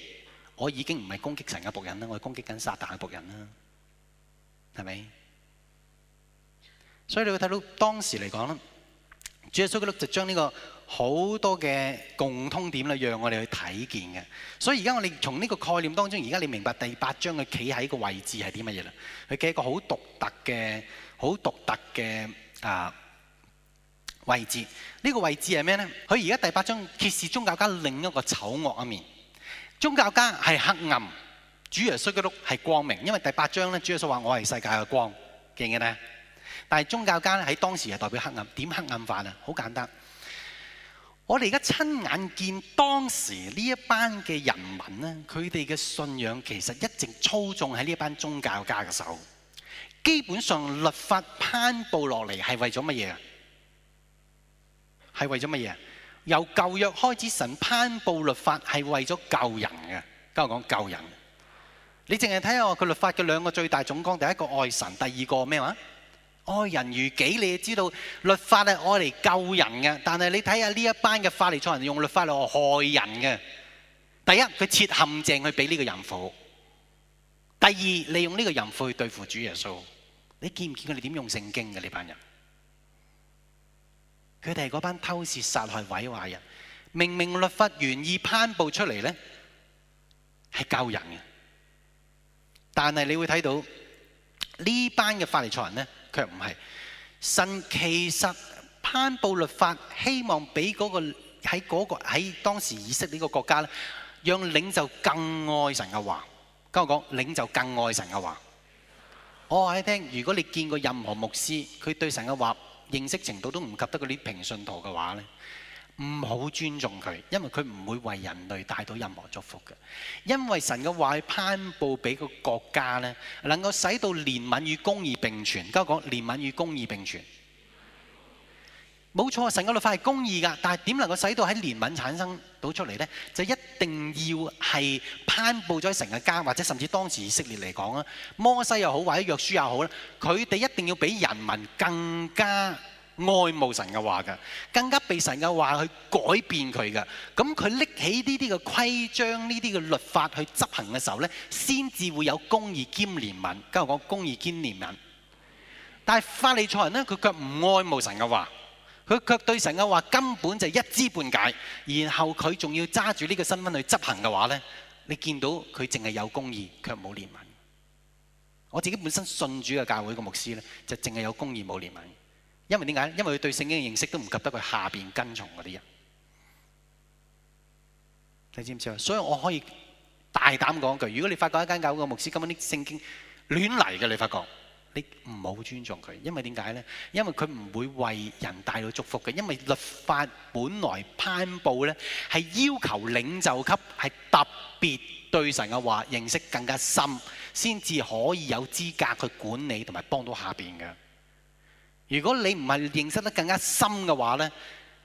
我已經唔係攻擊神嘅僕人啦，我係攻擊緊撒旦嘅僕人啦，係咪？所以你會睇到當時嚟講咧，主耶穌基督就將呢、這個。好多嘅共通點啦，讓我哋去睇見嘅。所以而家我哋從呢個概念當中，而家你明白第八章佢企喺個位置係啲乜嘢啦？佢企一個好獨特嘅、好獨特嘅啊位置。呢個位置係咩咧？佢而家第八章揭示宗教家另一個醜惡一面。宗教家係黑暗，主耶穌基督係光明，因為第八章咧，主耶穌話：我係世界嘅光，記唔記得？但係宗教家咧，喺當時係代表黑暗，點黑暗化啊？好簡單。我哋而家親眼見當時呢一班嘅人民咧，佢哋嘅信仰其實一直操縱喺呢一班宗教家嘅手。基本上律法攀布落嚟係為咗乜嘢啊？係為咗乜嘢啊？由舊約開始，神攀布律法係為咗救人嘅。今日講救人，你淨係睇下佢律法嘅兩個最大總綱，第一個愛神，第二個咩話？愛人如己，你就知道律法係愛嚟救人嘅。但係你睇下呢一班嘅法利賽人用律法嚟害人嘅。第一，佢設陷阱去俾呢個淫婦；第二，利用呢個淫婦去對付主耶穌。你見唔見佢哋點用聖經嘅呢班人？佢哋係嗰班偷竊、殺害、毀壞人。明明律法原意頒布出嚟咧，係救人嘅。但係你會睇到這的呢班嘅法利賽人咧。卻唔係神，其實頒佈律法希望俾嗰、嗰個喺嗰、嗰個喺當時以色列呢個國家咧，讓領袖更愛神嘅話。跟我講，領袖更愛神嘅話。我話你聽，如果你見過任何牧師，佢對神嘅話認識程度都唔及得嗰啲平信徒嘅話咧。唔好尊重佢，因為佢唔會為人類帶到任何祝福嘅。因為神嘅話去頒布俾個國家呢，能夠使到憐憫與公義並存。家講憐憫與公義並存，冇錯，神嘅律法係公義㗎，但係點能夠使到喺憐憫產生到出嚟呢？就一定要係頒布咗成個家，或者甚至當時以色列嚟講啦，摩西又好或者約書又好啦，佢哋一定要比人民更加。愛慕神嘅話嘅，更加被神嘅話去改變佢嘅。咁佢拎起呢啲嘅規章、呢啲嘅律法去執行嘅時候呢，先至會有公義兼憐憫。今日講公義兼憐憫，但係法利賽人呢，佢卻唔愛慕神嘅話，佢卻對神嘅話根本就一知半解。然後佢仲要揸住呢個身份去執行嘅話呢，你見到佢淨係有公義，卻冇憐憫。我自己本身信主嘅教會嘅牧師呢，就淨係有公義，冇憐憫。因為點解？因為佢對聖經嘅認識都唔及得佢下邊跟從嗰啲人。你知唔知啊？所以我可以大膽講一句：如果你發覺一間教會嘅牧師根本啲聖經亂嚟嘅，你發覺你唔好尊重佢。因為點解咧？因為佢唔會為人帶到祝福嘅。因為律法本來頒布咧，係要求領袖級係特別對神嘅話認識更加深，先至可以有資格去管理同埋幫到下邊嘅。如果你唔係認識得更加深嘅話呢，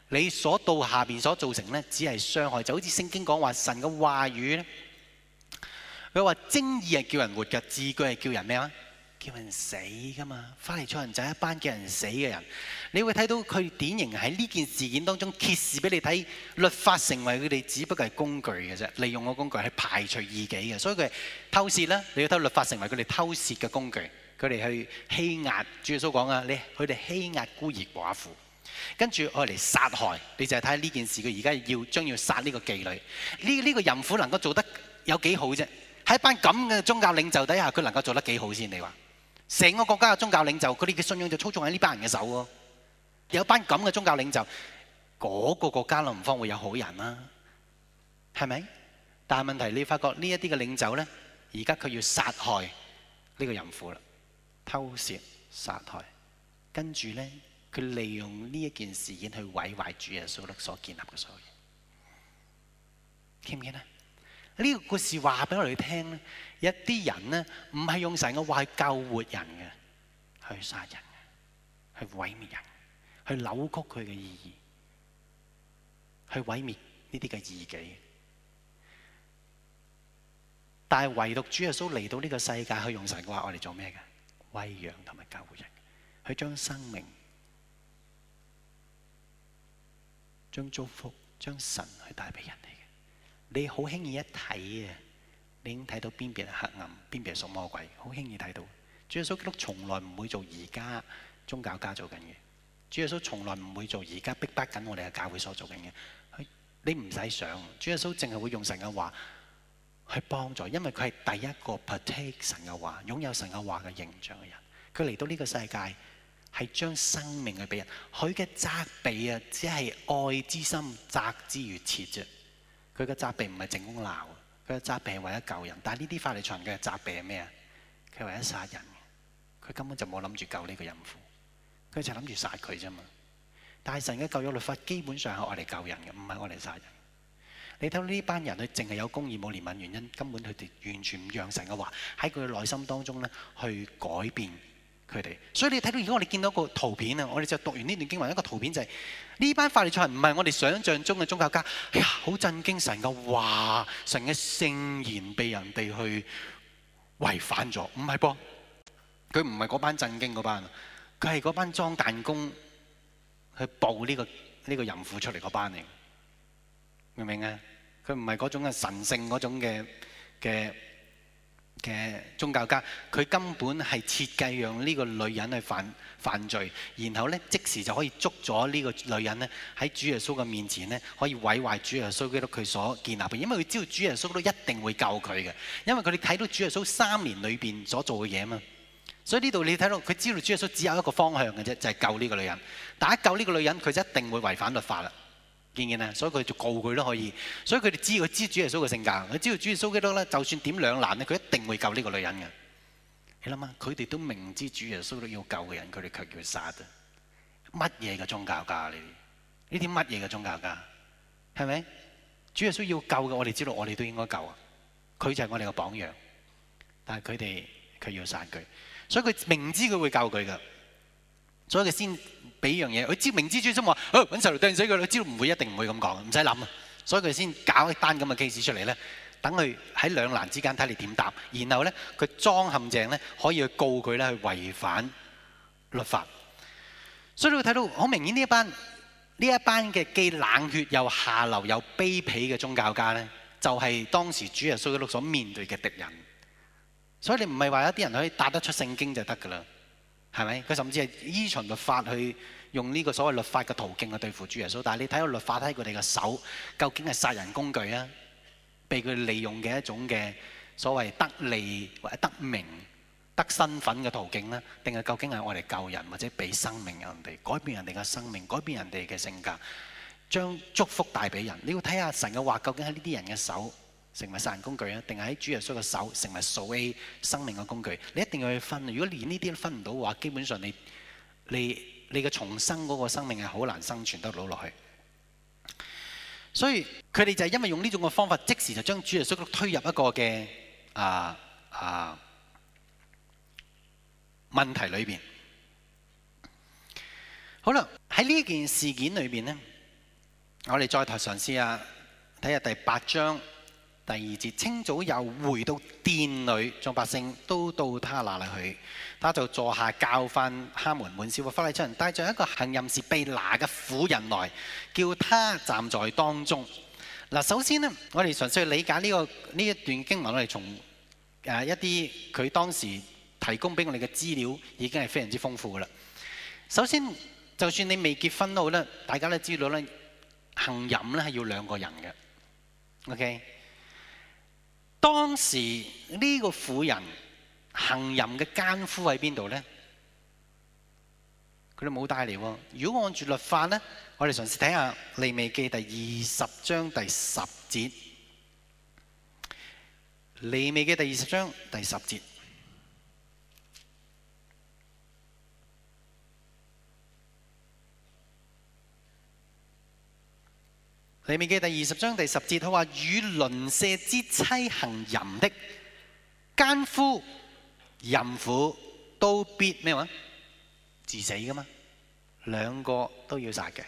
你所到下邊所造成呢，只係傷害。就好似聖經講話，神嘅話語，佢話精義係叫人活嘅，字句係叫人咩啊？叫人死嘅嘛。法利賽人就係一班叫人死嘅人。你會睇到佢典型喺呢件事件當中揭示俾你睇，律法成為佢哋只不過係工具嘅啫，利用個工具係排除異己嘅。所以佢係偷竊啦，你要偷律法成為佢哋偷竊嘅工具。佢哋去欺壓，主耶穌講啊，你佢哋欺壓孤兒寡婦，跟住愛嚟殺害。你就係睇呢件事，佢而家要將要殺呢個妓女。呢、呢、呢個淫婦能夠做得有幾好啫？喺班咁嘅宗教領袖底下，佢能夠做得幾好先？你話成個國家嘅宗教領袖，佢哋嘅信仰就操縱喺呢班人嘅手喎。有班咁嘅宗教領袖，嗰、嗰個國家能唔方會有好人啦，係咪？但係問題，你發覺呢一啲嘅領袖咧，而家佢要殺害呢個淫婦啦。偷竊殺害，跟住呢，佢利用呢一件事件去毀壞主耶穌所建立嘅所有嘢，記唔記咧？呢、這個故事話俾我哋聽呢一啲人呢，唔係用神嘅話去救活人嘅，去殺人，去毀滅人，去扭曲佢嘅意義，去毀滅呢啲嘅異己。但係唯獨主耶穌嚟到呢個世界，去用神嘅話，我哋做咩嘅？餵養同埋教會人，佢將生命、將祝福、將神去帶俾人哋嘅。你好輕易一睇嘅，你已經睇到邊邊係黑暗，邊邊係屬魔鬼。好輕易睇到，主耶穌基督從來唔會做而家宗教家做緊嘅，主耶穌從來唔會做而家逼迫緊我哋嘅教會所做緊嘅。佢，你唔使想，主耶穌淨係會用神嘅話。去幫助，因為佢係第一個 Protection 嘅話，擁有神嘅話嘅形象嘅人。佢嚟到呢個世界係將生命去俾人。佢嘅責備啊，只係愛之心責之如切啫。佢嘅責備唔係淨講鬧，佢嘅責備係為咗救人。但係呢啲法律上嘅責備係咩啊？佢為咗殺人，佢根本就冇諗住救呢個淫婦，佢就諗住殺佢啫嘛。但神嘅救贖律法基本上係愛嚟救人嘅，唔係愛嚟殺人。你睇到呢班人佢淨係有公義冇憐憫，憐憫原因根本佢哋完全唔讓神嘅話，喺佢嘅內心當中咧去改變佢哋。所以你睇到如果我哋見到一個圖片啊，我哋就讀完呢段經文，一個圖片就係、是、呢班法利賽人唔係我哋想象中嘅宗教家，哎、呀好震驚神嘅話，神嘅聖言被人哋去違反咗，唔係噃，佢唔係嗰班震驚嗰班，佢係嗰班裝彈弓去爆呢、這個呢、這個淫婦出嚟嗰班嚟，明唔明啊？佢唔係嗰種嘅神性嗰種嘅嘅嘅宗教家，佢根本係設計讓呢個女人去犯犯罪，然後呢，即時就可以捉咗呢個女人呢喺主耶穌嘅面前呢，可以毀壞主耶穌基督佢所建立嘅，因為佢知道主耶穌都一定會救佢嘅，因為佢哋睇到主耶穌三年裏邊所做嘅嘢啊嘛，所以呢度你睇到佢知道主耶穌只有一個方向嘅啫，就係救呢個女人，但一救呢個女人佢就一定會違反律法啦。見見啊！所以佢就告佢都可以，所以佢哋知佢知主耶穌嘅性格，佢知道主耶穌基督咧，就算點兩難，咧，佢一定會救呢個女人嘅。你諗下，佢哋都明知道主耶穌都要救嘅人，佢哋卻要殺啊！乜嘢嘅宗教家㗎、啊？你哋，呢啲乜嘢嘅宗教家？係咪？主耶穌要救嘅，我哋知道，我哋都應該救啊！佢就係我哋嘅榜樣，但係佢哋佢要殺佢，所以佢明知佢會救佢嘅。所以佢先俾樣嘢，佢知明知最心話，好、哎，揾細路掟死佢，佢知道唔會一定唔會咁講，唔使諗啊。所以佢先搞一單咁嘅 case 出嚟咧，等佢喺兩難之間睇你點答，然後咧佢裝陷阱咧，可以去告佢咧去違反律法。所以你會睇到好明顯呢一班呢一班嘅既冷血又下流又卑鄙嘅宗教家咧，就係、是、當時主耶穌所面對嘅敵人。所以你唔係話一啲人可以答得出聖經就得㗎啦。係咪？佢甚至係依循律法去用呢個所謂律法嘅途徑去對付主耶穌。但係你睇個律法，睇佢哋嘅手，究竟係殺人工具啊？被佢利用嘅一種嘅所謂得利或者得名、得身份嘅途徑呢？定係究竟係我哋救人或者俾生命人哋改變人哋嘅生命、改變人哋嘅性格，將祝福帶俾人？你要睇下神嘅話，究竟喺呢啲人嘅手？成為殺人工具啊？定係喺主耶穌嘅手成為掃 A 生命嘅工具？你一定要去分。如果連呢啲都分唔到嘅話，基本上你你你嘅重生嗰個生命係好難生存得到落去。所以佢哋就係因為用呢種嘅方法，即時就將主耶穌推入一個嘅啊啊問題裏邊。好啦，喺呢件事件裏邊呢，我哋再台嘗試下，睇下第八章。第二節，清早又回到殿裏，眾百姓都到他那裏去。他就坐下教訓他們，文士和法利賽人，帶着一個行淫時被拿嘅婦人來，叫他站在當中嗱。首先呢，我哋純粹理解呢、這個呢一段經文，我哋從誒一啲佢當時提供俾我哋嘅資料已經係非常之豐富嘅啦。首先，就算你未結婚都好咧，大家都知道咧，行淫咧係要兩個人嘅，OK。當時呢個婦人行淫嘅奸夫喺邊度呢？佢都冇帶嚟。如果按住律法呢，我哋嘗試睇下利未記第二十章第十節。利未記第二十章第十節。利未記第二十章第十節，佢話與鄰舍之妻行淫的奸夫淫婦都必咩話？自死㗎嘛？兩個都要殺嘅。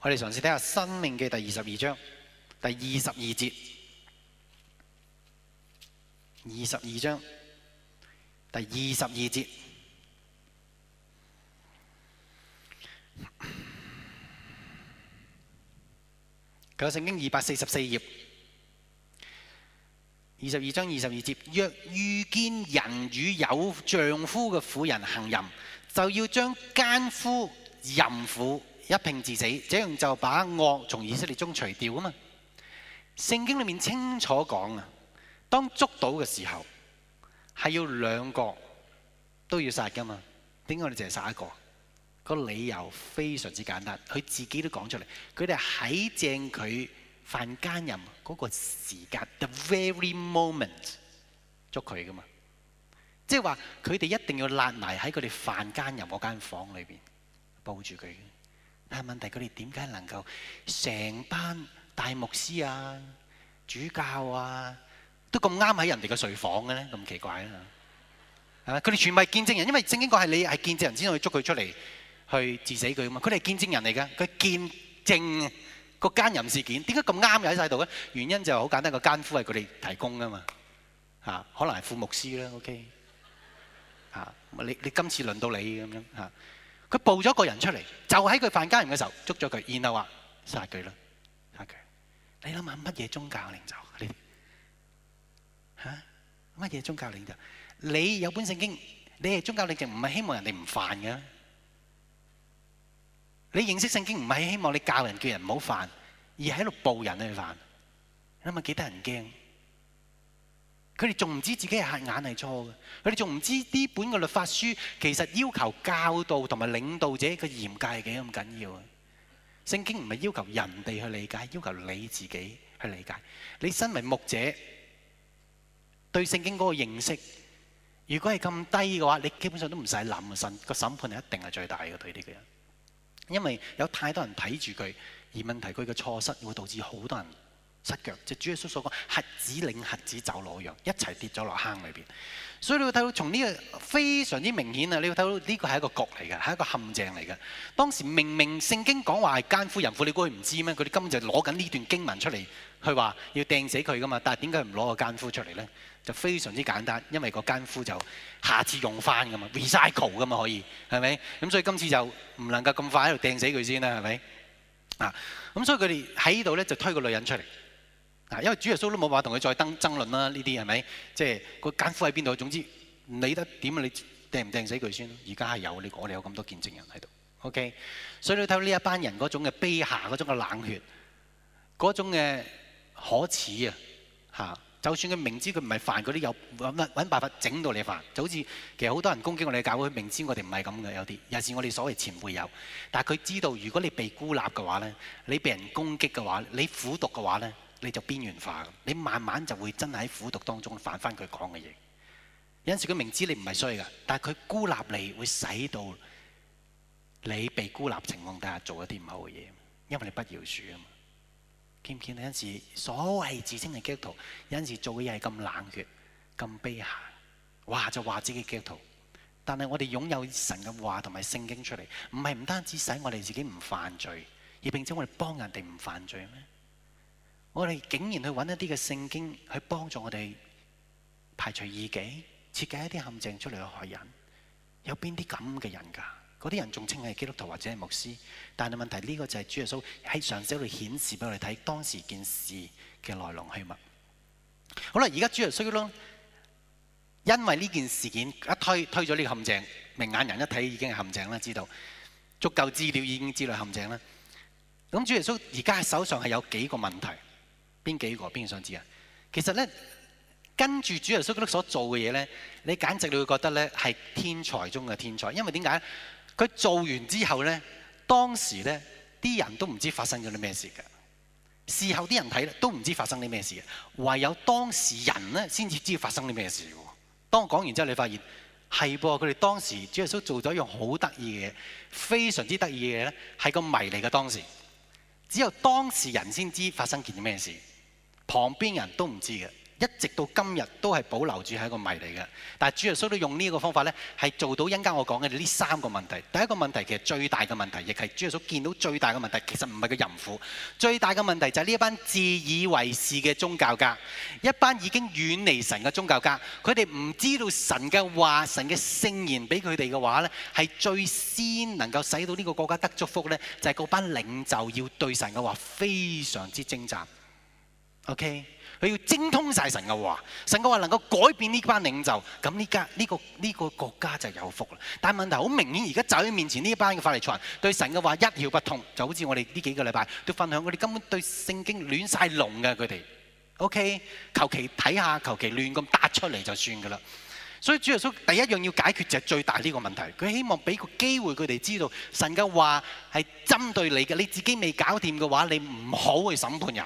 我哋嘗試睇下申命記第二十二章第二十二節。二十二章第二十二節。佢喺聖經二百四十四頁，二十二章二十二節，若遇見人與有丈夫嘅婦人行淫，就要將奸夫淫婦一併治死，這樣就把惡從以色列中除掉啊嘛！聖經裏面清楚講啊，當捉到嘅時候，係要兩個都要殺㗎嘛，點解我哋淨係殺一個？個理由非常之簡單，佢自己都講出嚟。佢哋喺正佢犯奸淫嗰個時間，the very moment 捉佢噶嘛。即係話佢哋一定要攔埋喺佢哋犯奸淫嗰間房裏邊，捕住佢。但係問題，佢哋點解能夠成班大牧師啊、主教啊都咁啱喺人哋嘅睡房嘅咧？咁奇怪啊！啊，係咪？佢哋全部係見證人，因為正經講係你係見證人先可以捉佢出嚟。去致死佢啊！嘛，佢哋係見證人嚟噶，佢見證個奸淫事件，點解咁啱又喺曬度嘅原因就係好簡單，個奸夫係佢哋提供噶嘛嚇，可能係副牧師啦。OK 嚇，咁你你今次輪到你咁樣嚇，佢報咗個人出嚟，就喺佢犯奸淫嘅時候捉咗佢，然後話殺佢啦，殺佢！你諗下乜嘢宗教領袖？嚇，乜嘢宗教領袖？你有本聖經，你係宗教領袖，唔係希望人哋唔犯噶。你認識聖經唔係希望你教人叫人唔好犯，而喺度報人去犯，你諗下幾得人驚？佢哋仲唔知道自己係瞎眼係錯嘅？佢哋仲唔知呢本嘅律法書其實要求教導同埋領導者嘅嚴格係幾咁緊要嘅？聖經唔係要求人哋去理解，要求你自己去理解。你身為牧者對聖經嗰個認識，如果係咁低嘅話，你基本上都唔使諗，神個審判係一定係最大嘅。對呢個人。因為有太多人睇住佢，而問題佢嘅錯失會導致好多人失腳。即、就是、主耶穌所講：瞎子領瞎子走攞洋，一齊跌咗落坑裏面」，所以你會睇到從呢、這個非常之明顯啊！你會睇到呢個係一個局嚟嘅，係一個陷阱嚟嘅。當時明明聖經講話係奸夫淫婦，你估佢唔知咩？佢哋根本就攞緊呢段經文出嚟，去話要掟死佢噶嘛。但係點解唔攞個奸夫出嚟咧？就非常之簡單，因為個奸夫就下次用翻噶嘛，recycle 噶嘛可以，係咪？咁所以今次就唔能夠咁快喺度掟死佢先啦，係咪？啊，咁所以佢哋喺呢度咧就推個女人出嚟，啊，因為主耶穌都冇話同佢再爭爭論啦，呢啲係咪？即係個奸夫喺邊度？總之，理得點啊？你掟唔掟死佢先？而家係有，你我哋有咁多見證人喺度。OK，所以你睇到呢一班人嗰種嘅悲慘，嗰種嘅冷血，嗰種嘅可恥啊，嚇！就算佢明知佢唔係犯，佢都有辦法整到你犯。就好似其實好多人攻擊我哋嘅教會，明知我哋唔係咁嘅有啲，尤其是我哋所謂前輩有，但係佢知道，如果你被孤立嘅話呢，你被人攻擊嘅話，你苦毒嘅話呢，你就邊緣化。你慢慢就會真係喺苦毒當中犯翻佢講嘅嘢。有時佢明知你唔係衰噶，但係佢孤立你，會使到你被孤立情況底下做一啲唔好嘅嘢，因為你不饒恕啊嘛。見唔見，有陣時所謂自稱係基督徒，有陣時做嘅又係咁冷血、咁悲慘，話就話自己基督徒，但係我哋擁有神嘅話同埋聖經出嚟，唔係唔單止使我哋自己唔犯罪，而並且我哋幫人哋唔犯罪咩？我哋竟然去揾一啲嘅聖經去幫助我哋排除異己，設計一啲陷阱出嚟去害人，有邊啲咁嘅人㗎？嗰啲人仲稱係基督徒或者係牧師，但係問題呢個就係主耶穌喺上師度顯示俾我哋睇當時件事嘅來龍去脈。好啦，而家主耶穌咧，因為呢件事件一推推咗呢個陷阱，明眼人一睇已經係陷阱啦，知道足夠資料已經知道陷阱啦。咁主耶穌而家手上係有幾個問題？邊幾個？邊個想知啊？其實咧，跟住主耶穌咧所做嘅嘢咧，你簡直你會覺得咧係天才中嘅天才，因為點解？佢做完之後呢，當時呢啲人都唔知發生咗啲咩事嘅。事後啲人睇咧都唔知發生啲咩事嘅，唯有當事人咧先至知道發生啲咩事嘅。當我講完之後，你發現係噃，佢哋當時主耶穌做咗一樣好得意嘅，非常之得意嘅嘢呢，係個謎嚟嘅。當時只有當事人先知發生件咩事，旁邊人都唔知嘅。一直到今日都係保留住係一個謎嚟嘅，但係主耶穌都用呢個方法呢，係做到陣間我講嘅呢三個問題。第一個問題其實是最大嘅問題，亦係主耶穌見到最大嘅問題，其實唔係個淫婦，最大嘅問題就係呢一班自以為是嘅宗教家，一班已經遠離神嘅宗教家，佢哋唔知道神嘅話、神嘅聖言俾佢哋嘅話呢，係最先能夠使到呢個國家得祝福呢，就係嗰班領袖要對神嘅話，非常之精湛。OK。佢要精通晒神嘅話，神嘅話能夠改變呢班領袖，咁呢家呢個呢個國家就有福啦。但係問題好明顯，而家就喺面前呢班嘅法利賽人對神嘅話一竅不通，就好似我哋呢幾個禮拜都分享，佢哋根本對聖經亂晒龍嘅佢哋。OK，求其睇下，求其亂咁答出嚟就算噶啦。所以主耶穌第一樣要解決就係最大呢個問題，佢希望俾個機會佢哋知道神嘅話係針對你嘅，你自己未搞掂嘅話，你唔好去審判人。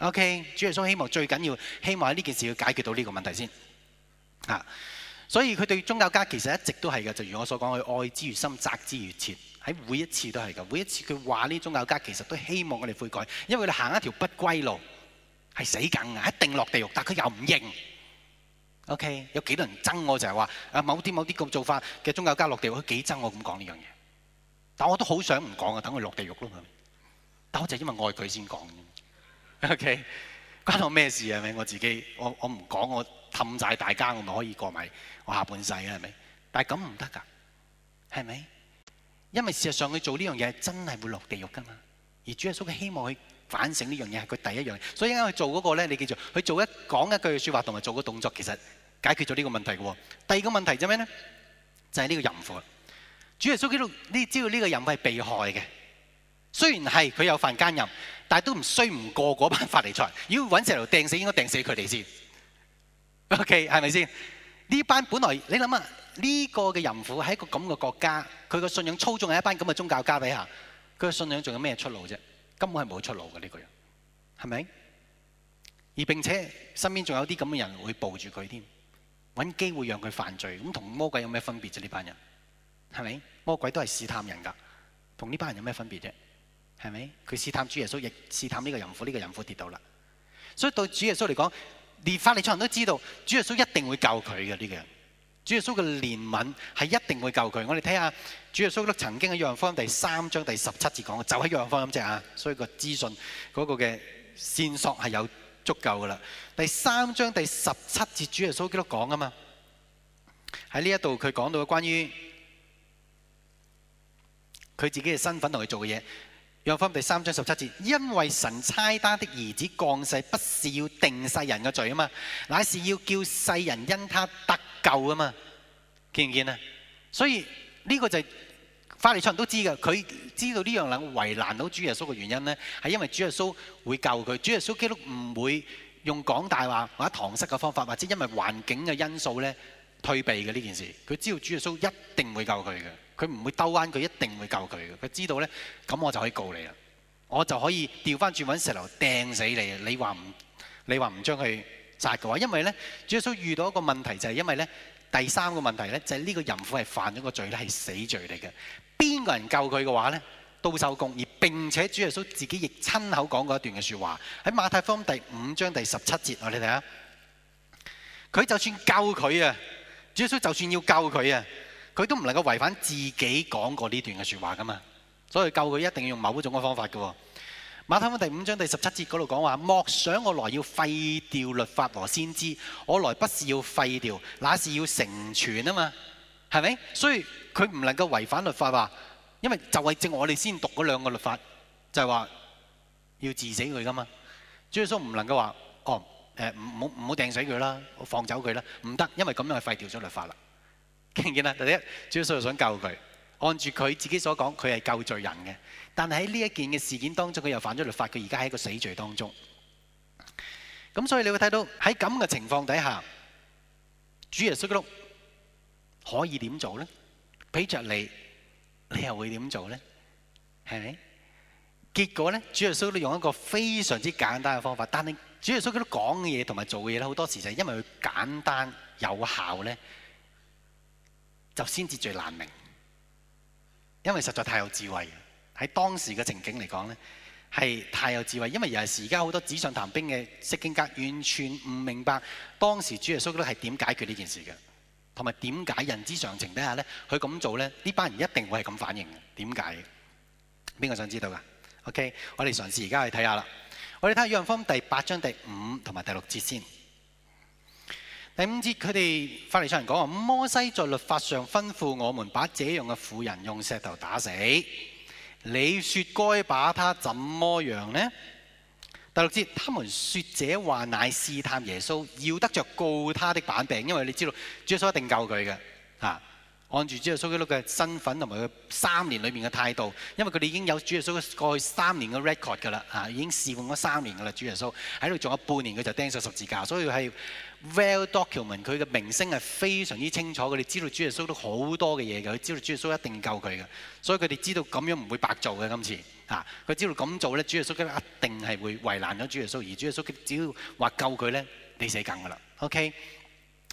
O.K. 主耶穌希望最緊要希望喺呢件事要解決到呢個問題先啊，所以佢對宗教家其實一直都係嘅，就如我所講，佢愛之越深，責之越切，喺每一次都係嘅。每一次佢話呢宗教家其實都希望我哋悔改，因為佢哋行一條不歸路，係死梗嘅，一定落地獄。但佢又唔認。O.K. 有幾多人憎我就係話啊某啲某啲個做法嘅宗教家落地獄，佢幾憎我咁講呢樣嘢。但我都好想唔講啊，等佢落地獄咯。但我就因為愛佢先講。O.K. 關我咩事啊？係咪我自己，我我唔講，我氹晒大家，我咪可以過埋我下半世啊？係咪？但係咁唔得㗎，係咪？因為事實上佢做呢樣嘢真係會落地獄㗎嘛。而主耶穌佢希望佢反省呢樣嘢係佢第一樣，所以而家佢做嗰、那個咧，你記住，佢做一講一句說話同埋做個動作，其實解決咗呢個問題㗎。第二個問題就係咩咧？就係、是、呢個淫婦。主耶穌知道呢知道呢個淫婦係被害嘅，雖然係佢有犯奸淫。但係都唔衰唔過嗰班法利賽，如果揾石頭掟死，應該掟死佢哋先。OK，係咪先？呢班本來你諗下，呢、這個嘅淫婦喺一個咁嘅國家，佢個信仰操縱喺一班咁嘅宗教家底下，佢個信仰仲有咩出路啫？根本係冇出路嘅呢個人，係咪？而並且身邊仲有啲咁嘅人會抱住佢添，揾機會讓佢犯罪，咁同魔鬼有咩分別啫？呢班人係咪？魔鬼都係試探人㗎，同呢班人有咩分別啫？係咪？佢試探主耶穌，亦試探呢個淫婦，呢、這個淫婦跌到啦。所以對主耶穌嚟講，連法利賽人都知道主耶穌一定會救佢嘅呢個人。主耶穌嘅憐憫係一定會救佢。我哋睇下主耶穌曾經喺約翰福音》第三章第十七節講嘅，就喺約翰福音》咁啫。啊，所以個資訊嗰個嘅線索係有足夠噶啦。第三章第十七節主耶穌基督講啊嘛，喺呢一度佢講到關於佢自己嘅身份同佢做嘅嘢。約翰第三章十七節，因為神差他的兒子降世，不是要定世人嘅罪啊嘛，乃是要叫世人因他得救啊嘛，見唔見啊？所以呢、這個就是、法利賽人都知嘅，佢知道呢樣難為難到主耶穌嘅原因呢，係因為主耶穌會救佢。主耶穌基督唔會用講大話或者搪塞嘅方法，或者因為環境嘅因素咧退避嘅呢件事。佢知道主耶穌一定會救佢嘅。佢唔會兜彎，佢一定會救佢嘅。佢知道呢，咁我就可以告你啦，我就可以調翻轉揾石頭掟死你，你話唔，你話唔將佢殺嘅話，因為呢，主耶穌遇到一個問題就係因為呢，第三個問題呢，就係呢個淫婦係犯咗個罪呢係死罪嚟嘅。邊個人救佢嘅話呢？都受公義。並且主耶穌自己亦親口講過一段嘅説話喺馬太福音第五章第十七節，我哋睇下，佢就算救佢啊，主耶穌就算要救佢啊。佢都唔能夠違反自己講過呢段嘅説話噶嘛，所以救佢一定要用某一種嘅方法嘅喎。馬太福音第五章第十七節嗰度講話，莫想我來要廢掉律法和先知，我來不是要廢掉，那是要成全啊嘛，係咪？所以佢唔能夠違反律法話，因為就係正我哋先讀嗰兩個律法，就係、是、話要治死佢噶嘛。耶穌唔能夠話，哦，誒唔好唔好掟死佢啦，放走佢啦，唔得，因為咁樣係廢掉咗律法啦。聽見啦，第一，主耶穌想救佢，按住佢自己所講，佢係救罪人嘅。但係喺呢一件嘅事件當中，佢又犯咗律法，佢而家喺一個死罪當中。咁所以你會睇到喺咁嘅情況底下，主耶穌基督可以點做咧？俾著你，你又會點做咧？係咪？結果咧，主耶穌都用一個非常之簡單嘅方法。但係，主耶穌基督講嘅嘢同埋做嘅嘢咧，好多時就係因為佢簡單有效咧，就先至最難明，因為實在太有智慧。喺當時嘅情景嚟講呢，係太有智慧。因為而家時家好多紙上談兵嘅識經格，完全唔明白當時主耶穌咧係點解決呢件事嘅，同埋點解人之常情底下呢，佢咁做咧，呢班人一定會係咁反應嘅。點解嘅？邊個想知道㗎？OK，我哋嘗試而家去睇下啦。我哋睇下《約翰福音》第八章第五同埋第六節先。第五節，佢哋翻嚟出嚟講話，摩西在律法上吩咐我們把這樣嘅婦人用石頭打死。你說該把他怎麼樣呢？第六節，他們説這話乃試探耶穌，要得着告他的板病，因為你知道，主耶穌一定救佢嘅啊。按住主耶穌一路嘅身份同埋佢三年裏面嘅態度，因為佢哋已經有主耶穌過去三年嘅 record 噶啦啊，已經試驗咗三年噶啦，主耶穌喺度仲有半年，佢就釘上十字架，所以係。Real document，佢嘅名聲係非常之清楚。佢哋知道主耶穌都好多嘅嘢嘅，佢知道主耶穌一定救佢嘅，所以佢哋知道咁樣唔會白做嘅。今次啊，佢知道咁做咧，主耶穌一定係會為難咗主耶穌，而主耶穌只要話救佢咧，你死梗噶啦。OK，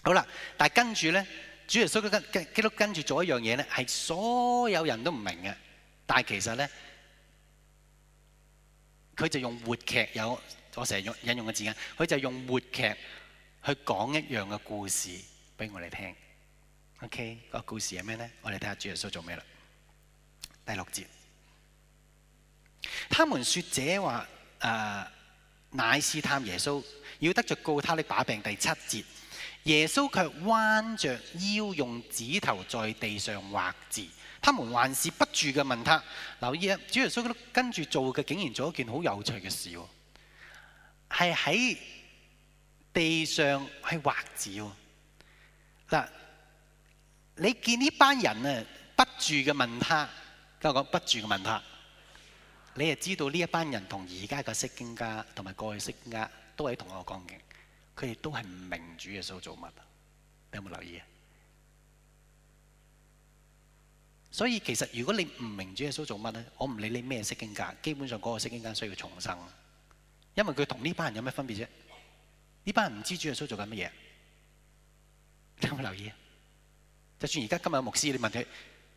好啦，但係跟住咧，主耶穌跟基督跟住做一樣嘢咧，係所有人都唔明嘅，但係其實咧，佢就用活劇，有我成日引用嘅字眼，佢就用活劇。去講一樣嘅故事俾我哋聽。OK，個故事係咩呢？我哋睇下主耶穌做咩啦。第六節，他們説這話誒、呃，乃是探耶穌，要得着告他的把柄。第七節，耶穌卻彎着腰，用指頭在地上畫字。他們還是不住嘅問他。留意啊，主耶穌跟住做嘅，竟然做一件好有趣嘅事喎，係喺地上係畫字喎，嗱，你見呢班人啊，不住嘅問他，我、就、講、是、不住嘅問他，你又知道呢一班人同而家嘅釋經家同埋過去釋經家都喺同一個光景，佢哋都係唔明主耶穌做乜，你有冇留意啊？所以其實如果你唔明主耶穌做乜咧，我唔理你咩釋經家，基本上嗰個釋經家需要重生，因為佢同呢班人有咩分別啫？呢班人唔知主耶穌做緊乜嘢。你有冇留意？就算而家今日牧師你問佢，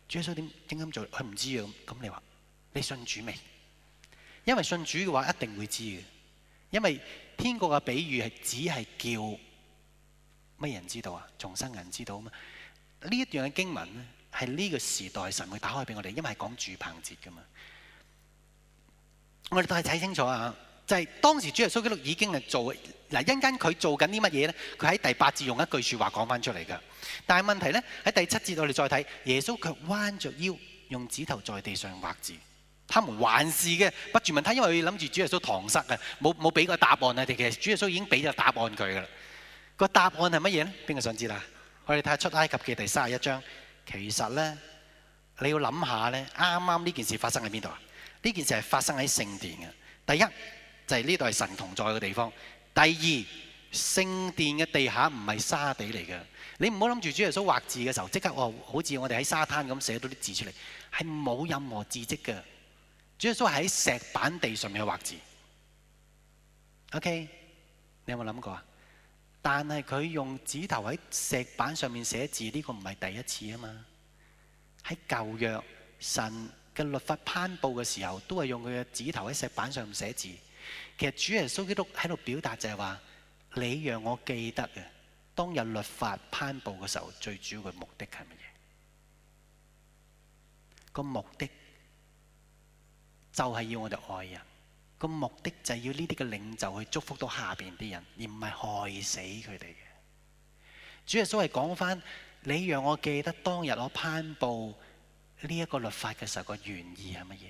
主耶穌點點解咁做？佢唔知啊！咁咁你話你信主未？因為信主嘅話一定會知嘅，因為天國嘅比喻係只係叫咩人知道啊？重生人知道啊嘛！呢一段嘅經文咧，係呢個時代神會打開俾我哋，因為係講住棚節嘅嘛。我哋都係睇清楚啊！就係當時，主耶穌基督已經係做嗱，因間佢做緊啲乜嘢咧？佢喺第八節用一句説話講翻出嚟㗎。但係問題咧，喺第七節，我哋再睇，耶穌卻彎着腰，用指頭在地上畫字。他們還是嘅不住問他，因為佢諗住主耶穌搪塞㗎，冇冇俾個答案啊？其實主耶穌已經俾咗答案佢㗎啦。個答案係乜嘢咧？邊個想知啦？我哋睇下出埃及記第三十一章，其實咧，你要諗下咧，啱啱呢件事發生喺邊度啊？呢件事係發生喺聖殿嘅。第一。就係呢度係神同在嘅地方。第二，聖殿嘅地下唔係沙地嚟嘅，你唔好諗住。主耶穌畫字嘅時候，即刻哦，好似我哋喺沙灘咁寫到啲字出嚟，係冇任何字跡嘅。主耶穌係喺石板地上面畫字。OK，你有冇諗過啊？但係佢用指頭喺石板上面寫字，呢個唔係第一次啊嘛。喺舊約神嘅律法頒布嘅時候，都係用佢嘅指頭喺石板上面寫字。其實主耶穌基督喺度表達就係話，你讓我記得嘅當日律法頒布嘅時候，最主要嘅目的係乜嘢？個目的就係要我哋愛人，個目的就係要呢啲嘅領袖去祝福到下邊啲人，而唔係害死佢哋嘅。主耶穌係講返，你讓我記得當日我頒布呢一個律法嘅時候個原意係乜嘢？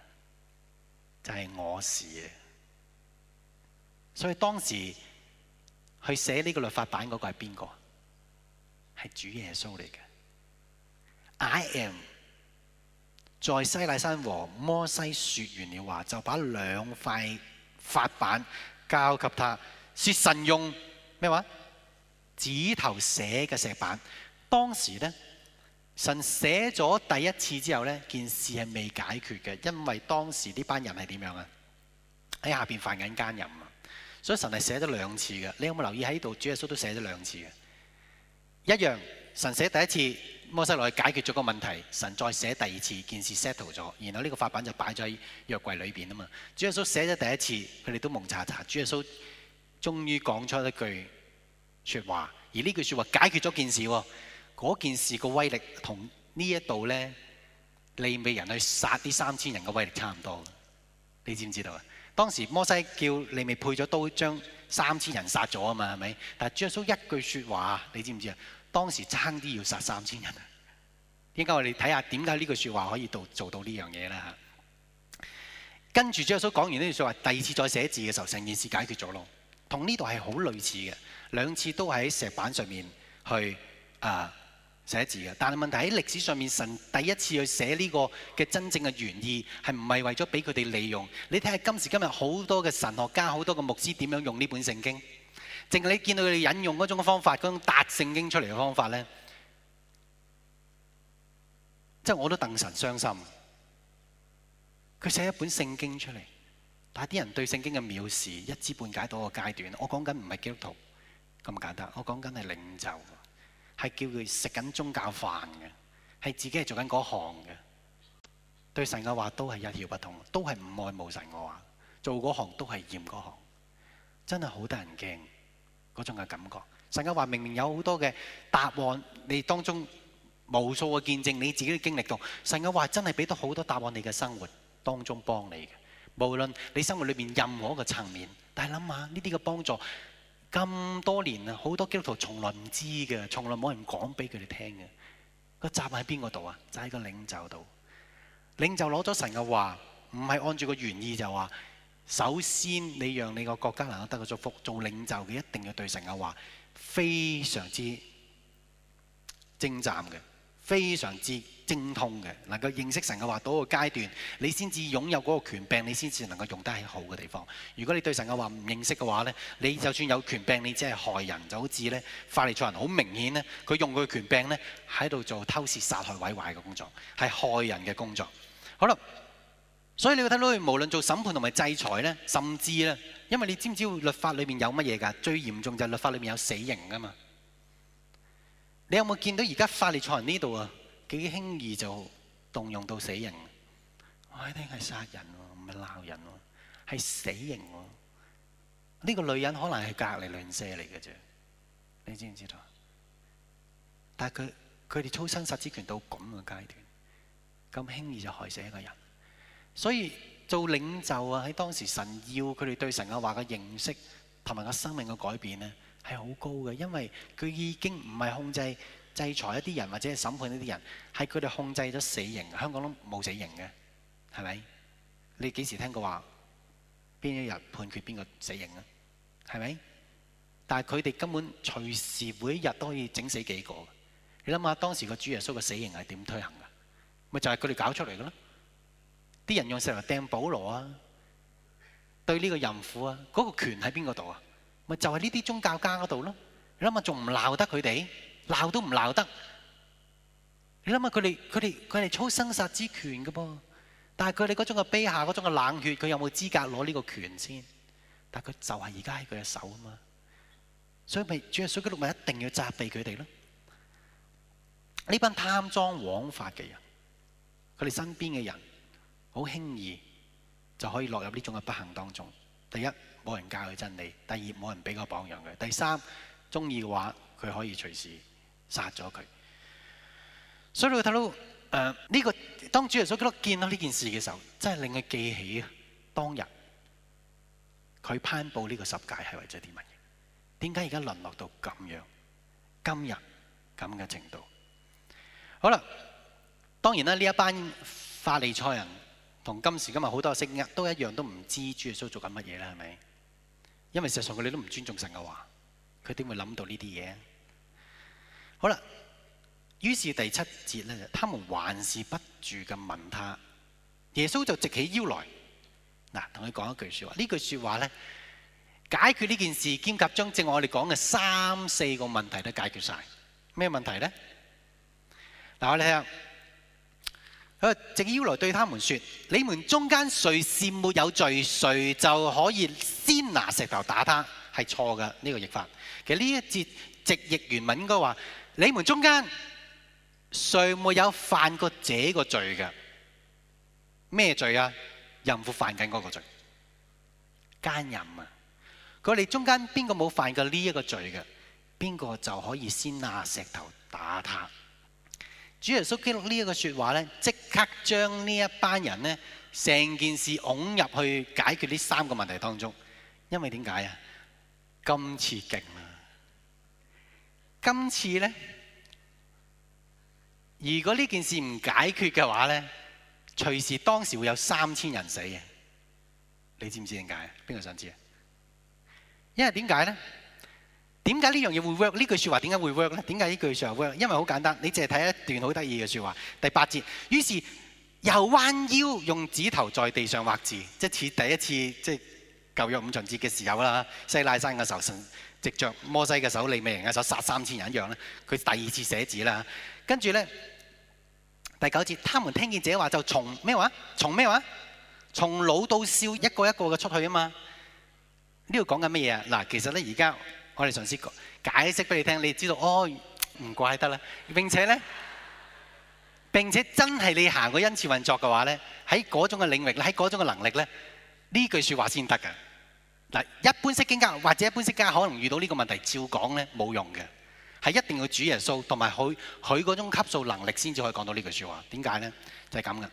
就係我事嘅，所以當時去寫呢個律法版嗰個係邊個？係主耶穌嚟嘅。I am 在西奈山和摩西説完了話，就把兩塊法板交給他。説神用咩話指頭寫嘅石板。當時呢。神寫咗第一次之後，呢件事係未解決嘅，因為當時呢班人係點樣啊？喺下邊犯緊奸淫啊！所以神係寫咗兩次嘅。你有冇留意喺度？主耶穌都寫咗兩次嘅。一樣，神寫第一次，摩西落去解決咗個問題，神再寫第二次，件事 settle 咗，然後呢個法版就擺咗喺約櫃裏邊啊嘛。主耶穌寫咗第一次，佢哋都蒙查查，主耶穌終於講出一句説話，而呢句説話解決咗件事喎。嗰件事個威力同呢一度咧，利未人去殺啲三千人嘅威力差唔多，你知唔知道啊？當時摩西叫利未配咗刀將三千人殺咗啊嘛，係咪？但係耶穌一句説話，你知唔知啊？當時差啲要殺三千人啊！點解我哋睇下點解呢句説話可以做做到呢樣嘢啦？嚇，跟住耶穌講完呢句説話，第二次再寫字嘅時候，成件事解決咗咯。同呢度係好類似嘅，兩次都喺石板上面去啊。寫字嘅，但係問題喺歷史上面，神第一次去寫呢個嘅真正嘅原意，係唔係為咗俾佢哋利用？你睇下今時今日好多嘅神學家，好多嘅牧師點樣用呢本聖經？淨係你見到佢哋引用嗰種方法，嗰種搭聖經出嚟嘅方法咧，即係 我都戥神傷心。佢寫一本聖經出嚟，但係啲人對聖經嘅藐視，一知半解到個階段。我講緊唔係基督徒咁簡單，我講緊係領袖。係叫佢食緊宗教飯嘅，係自己係做緊嗰行嘅，對神嘅話都係一竅不通，都係唔愛慕神嘅話，做嗰行都係厭嗰行，真係好得人驚嗰種嘅感覺。神嘅話明明有好多嘅答案，你當中無數嘅見證，你自己嘅經歷到，神嘅話真係俾到好多答案，你嘅生活當中幫你嘅，無論你生活裏面任何一個層面，但係諗下呢啲嘅幫助。咁多年啊，好多基督徒從來唔知嘅，從來冇人講俾佢哋聽嘅。個站喺邊個度啊？就喺、是、個領袖度。領袖攞咗神嘅話，唔係按住個原意就話，首先你讓你個國家能夠得到祝福，做領袖嘅一定要對神嘅話非常之精湛嘅。非常之精通嘅，能夠認識神嘅話，到個階段，你先至擁有嗰個權柄，你先至能夠用得喺好嘅地方。如果你對神嘅話唔認識嘅話呢，你就算有權柄，你只係害人，就好似呢法利賽人好明顯呢，佢用佢權柄呢喺度做偷竊、殺害、毀壞嘅工作，係害人嘅工作。好啦，所以你會睇到佢無論做審判同埋制裁呢，甚至呢，因為你知唔知律法裏面有乜嘢㗎？最嚴重就係律法裏面有死刑㗎嘛。你有冇見到而家法律裁人呢度啊？幾輕易就動用到死刑？我一定係殺人喎，唔係鬧人喎，係死刑喎。呢、這個女人可能係隔離鄰舍嚟嘅啫，你知唔知道？但係佢佢哋操生殺之權到咁嘅階段，咁輕易就害死一個人。所以做領袖啊，喺當時神要佢哋對神嘅話嘅認識同埋個生命嘅改變咧。係好高嘅，因為佢已經唔係控制制裁一啲人或者係審判呢啲人，係佢哋控制咗死刑。香港都冇死刑嘅，係咪？你幾時聽過話邊一日判決邊個死刑啊？係咪？但係佢哋根本隨時每一日都可以整死幾個。你諗下當時個主耶穌嘅死刑係點推行㗎？咪就係佢哋搞出嚟嘅咯。啲人用石頭掟保羅啊，對呢個淫婦啊，嗰個權喺邊個度啊？咪就係呢啲宗教家嗰度咯，你諗下仲唔鬧得佢哋？鬧都唔鬧得。你諗下佢哋佢哋佢哋操生殺之權嘅噃，但係佢哋嗰種嘅卑下、嗰種嘅冷血，佢有冇資格攞呢個權先？但係佢就係而家喺佢隻手啊嘛，所以咪主耶穌基督六啊一定要責備佢哋咯。呢班貪贓枉法嘅人，佢哋身邊嘅人好輕易就可以落入呢種嘅不幸當中。第一。冇人教佢真理，第二，冇人俾個榜樣佢，第三，中意嘅話，佢可以隨時殺咗佢。所以你會睇到誒呢、呃呢個當主耶穌見到呢件事嘅時候，真係令佢記起當日佢頒布呢個十戒係為咗啲乜嘢？點解而家淪落到咁樣？今日咁嘅程度，好啦，當然啦，呢一班法利賽人同今時今日好多嘅識呃都一樣，都唔知主耶穌做緊乜嘢啦，係咪？因為事實上佢哋都唔尊重神嘅話，佢點會諗到呢啲嘢？好啦，於是第七節咧，他們還是不住咁問他，耶穌就直起腰來，嗱，同佢講一句說話。句話呢句說話咧，解決呢件事，兼及將正我哋講嘅三四個問題都解決晒。咩問題咧？嗱，我哋聽。佢直腰來對他們說：你們中間誰是沒有罪，誰就可以先拿石頭打他，係錯的呢個譯法。其實呢一節直譯原文應該話：你們中間誰沒有犯過這個罪嘅？咩罪啊？淫婦犯緊嗰個罪，奸淫啊！佢哋中間邊個冇犯過呢一個罪嘅？邊個就可以先拿石頭打他？主耶穌記錄呢一個說話咧，即刻將呢一班人咧，成件事擁入去解決呢三個問題當中。因為點解啊？今次勁啊！今次咧，如果呢件事唔解決嘅話咧，隨時當時會有三千人死嘅。你知唔知點解？邊個想知啊？因為點解咧？點解呢樣嘢會 work？呢句説話點解會 work 咧？點解呢句説話 work？因為好簡單，你淨係睇一段好得意嘅説話，第八節。於是又彎腰用指頭在地上畫字，即係似第一次即係舊約五旬節嘅時候啦，西奈山嘅時候，神藉著摩西嘅手、利未人嘅手殺三千人一樣咧。佢第二次寫字啦。跟住咧，第九節，他們聽見這話就從咩話？從咩話？從老到少一個一個嘅出去啊嘛。呢度講緊咩嘢啊？嗱，其實咧而家。我哋上次解釋俾你聽，你哋知道哦，唔怪得啦。並且咧，並且真係你行過恩慈運作嘅話咧，喺嗰種嘅領域，喺嗰種嘅能力咧，呢句説話先得㗎。嗱，一般式經家或者一般式家可能遇到呢個問題，照講咧冇用嘅，係一定要主耶穌同埋佢佢嗰種級數能力先至可以講到呢句説話。點解咧？就係咁嘅。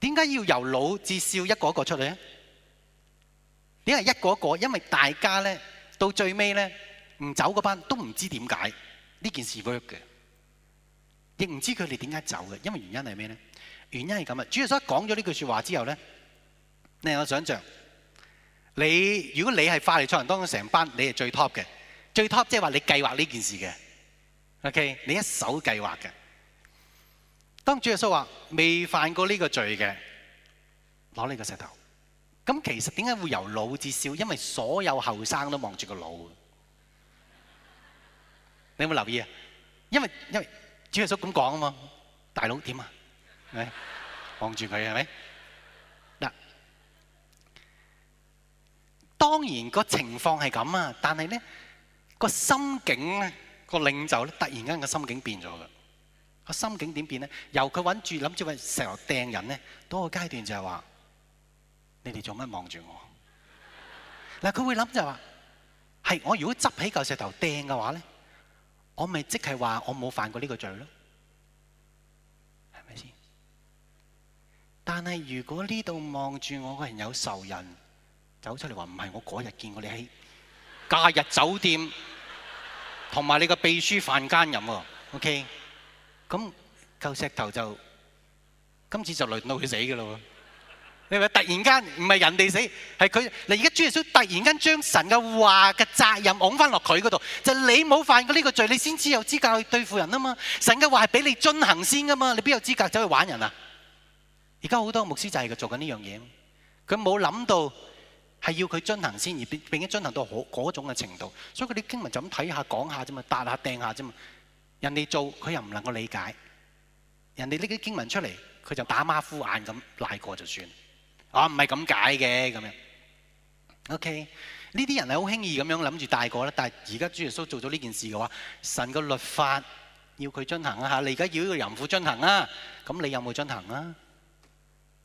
點解要由老至少一個一個出嚟啊？點解一個一個？因為大家咧。到最尾咧，唔走嗰班都唔知點解呢件事 work 嘅，亦唔知佢哋點解走嘅，因為原因係咩咧？原因係咁啊！主耶穌一講咗呢句説話之後咧，令我想象你，如果你係法利賽人當中成班，你係最 top 嘅，最 top 即係話你計劃呢件事嘅，OK，你一手計劃嘅。當主耶穌話未犯過呢個罪嘅，攞呢個石頭。咁其實點解會由老至少？因為所有後生都望住個老。你有冇留意啊？因為因為諸位咁講啊嘛，大佬點啊？係咪望住佢係咪？當然個情況係咁啊，但係咧個心境咧個領袖咧，突然間個心境變咗啦。個心境點變咧？由佢揾住諗住揾石頭掟人咧，嗰個階段就係話。你哋做乜望住我？嗱，佢會諗就係話：係我如果執起嚿石頭掟嘅話咧，我咪即係話我冇犯過呢個罪咯，係咪先？但係如果呢度望住我個人有仇人走出嚟話唔係，我嗰日見過你喺假日酒店同埋你個秘書犯奸淫喎，OK？咁嚿石頭就今次就嚟到佢死嘅咯喎！你咪突然間唔係人哋死，係佢。你而家主耶穌突然間將神嘅話嘅責任㧬翻落佢嗰度，就是，你冇犯過呢個罪，你先至有資格去對付人啊嘛。神嘅話係俾你進行先噶嘛，你邊有資格走去玩人啊？而家好多牧師就係佢做緊呢樣嘢，佢冇諗到係要佢進行先，而並兼進行到好嗰種嘅程度。所以佢啲經文就咁睇下講下啫嘛，搭下掟下啫嘛。人哋做佢又唔能夠理解，人哋呢啲經文出嚟，佢就打馬虎眼咁賴過就算了。啊，唔係咁解嘅咁樣。OK，呢啲人係好輕易咁樣諗住大過咧。但係而家主耶穌做咗呢件事嘅話，神個律法要佢進行啊嚇。你而家要呢個淫婦進行啊，咁你有冇進行啊？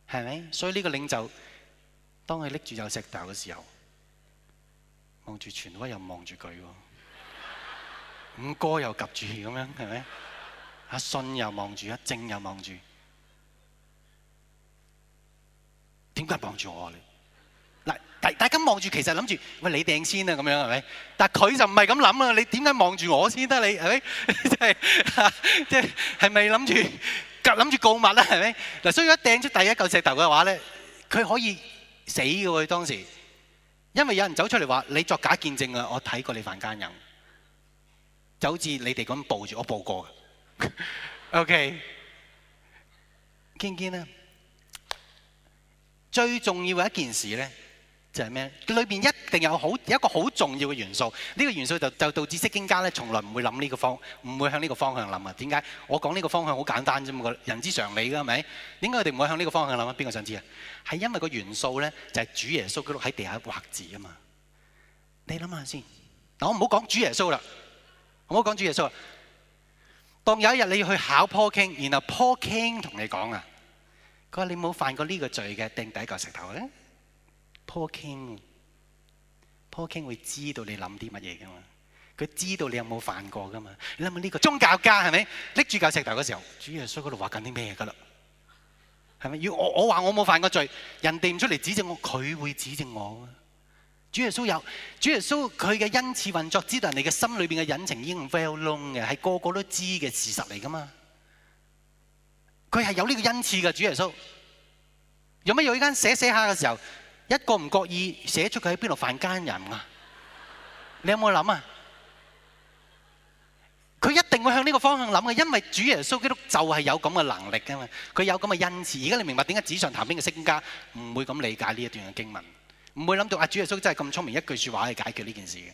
係咪？所以呢個領袖當佢拎住有石頭嘅時候，望住全威又望住佢喎，五哥又及住咁樣係咪？阿信又望住，阿正又望住。點解望住我你？嗱，大大家望住，其實諗住，唔係你掟先啊，咁樣係咪？但係佢就唔係咁諗啊！你點解望住我先得你，係咪？即係即係，係咪諗住夾諗住告密啦係咪？嗱，所以一掟出第一嚿石頭嘅話咧，佢可以死嘅喎當時，因為有人走出嚟話你作假見證啊！我睇過你犯奸淫，就好似你哋咁報住，我報過嘅。OK，見見啦。最重要嘅一件事咧，就係、是、咩？裏邊一定有好一個好重要嘅元素。呢、這個元素就就導致釋經家咧，從來唔會諗呢個方，唔會向呢個方向諗啊。點解？我講呢個方向好簡單啫嘛。人之常理㗎，係咪？點解佢哋唔會向呢個方向諗啊？邊個想知啊？係因為個元素咧，就係、是、主耶穌佢喺地下畫字啊嘛。你諗下先。嗱，我唔好講主耶穌啦，唔好講主耶穌了。當有一日你要去考 Paul King，然後 Paul King 同你講啊。佢話：你冇犯過呢個罪嘅，掟第一嚿石頭咧，Paul King，Paul King 會知道你諗啲乜嘢噶嘛？佢知道你有冇犯過噶嘛？你諗下呢個宗教家係咪拎住嚿石頭嘅時候，主耶穌嗰度話緊啲咩嘅啦？係咪如果我我話我冇犯過罪，人哋唔出嚟指證我，佢會指證我。主耶穌有，主耶穌佢嘅恩賜運作，知道人哋嘅心裏邊嘅隱情已經 well known 嘅，係個個都知嘅事實嚟噶嘛？佢係有呢個恩賜嘅，主耶穌。有咩用呢間寫寫下嘅時候，一個唔覺意寫出佢喺邊度犯奸淫啊？你有冇諗啊？佢一定會向呢個方向諗嘅，因為主耶穌基督就係有咁嘅能力嘅嘛。佢有咁嘅恩賜。而家你明白點解紙上談兵嘅聖家唔會咁理解呢一段嘅經文，唔會諗到阿主耶穌真係咁聰明，一句説話可以解決呢件事嘅。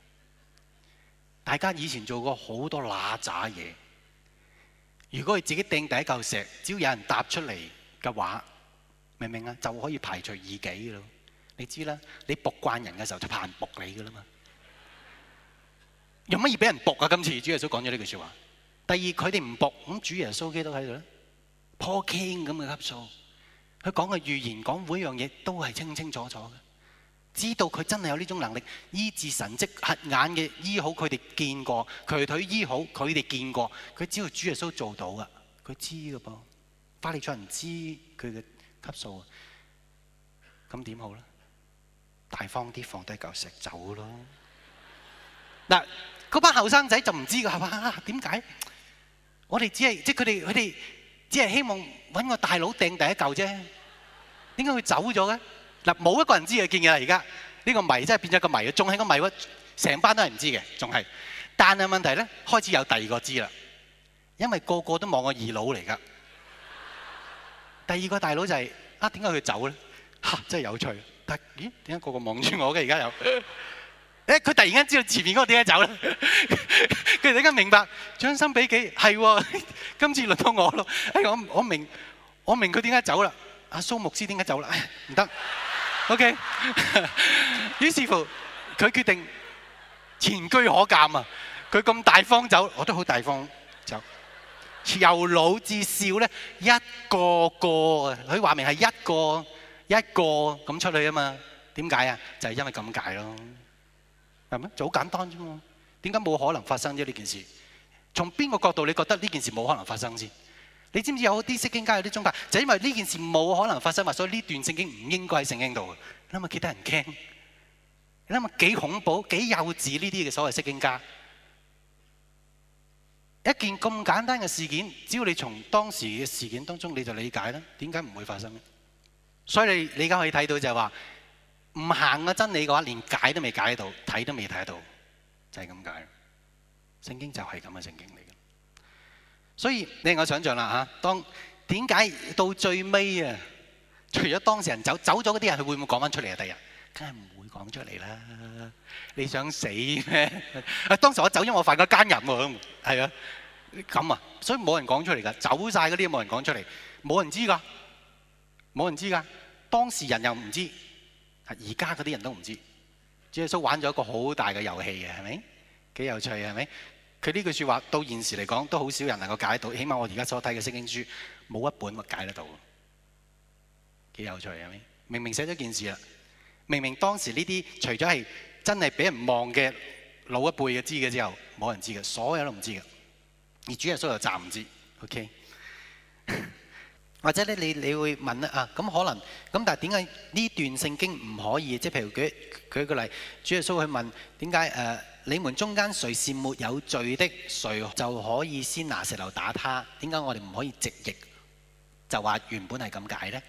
大家以前做過好多哪吒嘢，如果佢自己掟第一嚿石，只要有人踏出嚟嘅話，明唔明啊？就可以排除異己嘅咯。你知啦，你仆慣人嘅時候就怕人仆你噶啦嘛。有乜嘢俾人仆啊？今次主耶穌講咗呢句説話。第二佢哋唔仆，咁主耶穌基督喺度咧，頗傾咁嘅級數。佢講嘅預言講每一樣嘢都係清清楚楚嘅。知道佢真係有呢種能力醫治神蹟、瞎眼嘅醫好佢哋見過，瘸腿醫好佢哋見過，佢知道主耶穌做到嘅，佢知嘅噃。法利賽人知佢嘅級數，咁點好咧？大方啲，放低嚿石走咯。嗱，嗰班後生仔就唔知嘅係嘛？點解？我哋只係即係佢哋，佢哋只係希望揾個大佬掟第一嚿啫。點解佢走咗嘅？嗱，冇一個人知嘅建議啦，而家呢個謎真係變咗個謎，仲係個謎喎，成班都係唔知嘅，仲係。但係問題咧，開始有第二個知啦，因為個個都望我二佬嚟噶。第二個大佬就係、是、啊，點解佢走咧？嚇、啊，真係有趣。但係咦，點解個個望住我嘅而家又？誒、 欸，佢突然間知道前面嗰個點解走咧？佢哋突然間明白，將心比己，係喎， 今次輪到我咯、欸。我我明，我明佢點解走啦？阿、啊、蘇牧師點解走啦？唔得。O.K.，於是乎，佢決定前居可鑑啊！佢咁大方走，我都好大方走。由老至少咧，一個個，佢話明係一個一個咁出去啊嘛？點解啊？就係因為咁解咯，係咩？就好簡單啫嘛。點解冇可能發生啫呢件事？從邊個角度你覺得呢件事冇可能發生先？你知唔知有啲釋經家有啲宗教，就因為呢件事冇可能發生嘛，所以呢段聖經唔應該喺聖經度嘅。你諗下幾得人驚？你諗下幾恐怖、幾幼稚呢啲嘅所謂釋經家。一件咁簡單嘅事件，只要你從當時嘅事件當中你就理解啦。點解唔會發生呢？所以你你而家可以睇到就係話，唔行嘅真理嘅話，連解都未解到，睇都未睇到，就係咁解。聖經就係咁嘅聖經嚟。所以你我想象啦吓，當點解到最尾啊？除咗當事人走走咗嗰啲人，佢會唔會講返出嚟啊？第日梗係唔會講出嚟啦！你想死咩？啊！當時我走咗，我犯咗奸淫喎。係啊，咁啊，所以冇人講出嚟噶，走晒嗰啲人冇人講出嚟，冇人知噶，冇人知噶。當事人又唔知道，而家嗰啲人都唔知道，即係都玩咗一個好大嘅遊戲嘅，係咪？幾有趣啊，係咪？佢呢句説話到現時嚟講都好少人能夠解到，起碼我而家所睇嘅聖經書冇一本咪解得到。幾有，有趣係咪？明明寫咗件事啦，明明當時呢啲除咗係真係俾人望嘅老一輩嘅知嘅之後，冇人知嘅，所有都唔知嘅，而主耶穌又暫唔知，OK？ 或者咧，你你會問咧啊？咁可能咁，但係點解呢段聖經唔可以？即係譬如舉舉個例，主耶穌去問點解誒？呃你們中間誰是沒有罪的，誰就可以先拿石頭打他？點解我哋唔可以直譯就話原本係咁解呢？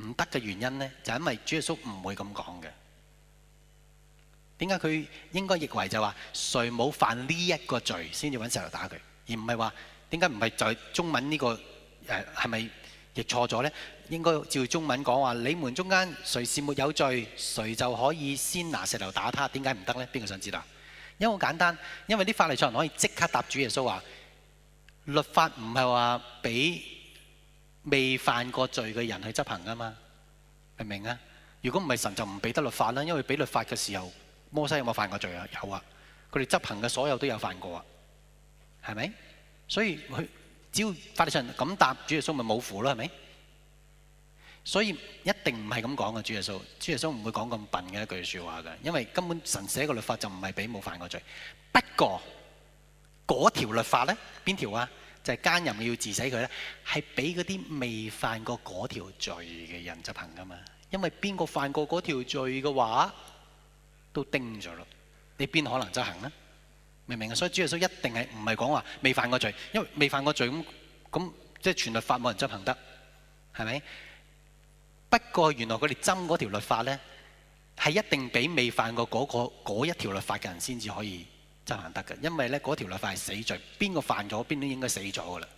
唔得嘅原因呢，就因為主耶穌唔會咁講嘅。點解佢應該譯為就話誰冇犯呢一個罪先至揾石頭打佢，而唔係話點解唔係在中文呢個誒係咪譯錯咗呢？應該照中文講話，你們中間誰是沒有罪，誰就可以先拿石頭打他？點解唔得呢？邊個想知道？因為好簡單，因為啲法利賽人可以即刻答主耶穌話：律法唔係話俾未犯過罪嘅人去執行㗎嘛，明唔明啊？如果唔係神就唔俾得律法啦，因為俾律法嘅時候，摩西有冇犯過罪啊？有啊，佢哋執行嘅所有都有犯過啊，係咪？所以佢只要法利賽人咁答主耶穌，咪冇符咯，係咪？所以一定唔係咁講嘅，主耶穌，主耶穌唔會講咁笨嘅一句説話嘅，因為根本神寫個律法就唔係俾冇犯過罪。不過嗰條律法咧，邊條啊？就係、是、奸淫要治死佢咧，係俾嗰啲未犯過嗰條罪嘅人執行㗎嘛。因為邊個犯過嗰條罪嘅話，都釘咗啦，你邊可能執行呢？明唔明啊？所以主耶穌一定係唔係講話未犯過罪，因為未犯過罪咁咁，即係全律法冇人執行得，係咪？不過原來佢哋執嗰條律法呢，係一定俾未犯過嗰、嗰個、一條律法嘅人先至可以執行得㗎，因為呢嗰條律法係死罪，邊個犯咗邊都應該死咗噶啦。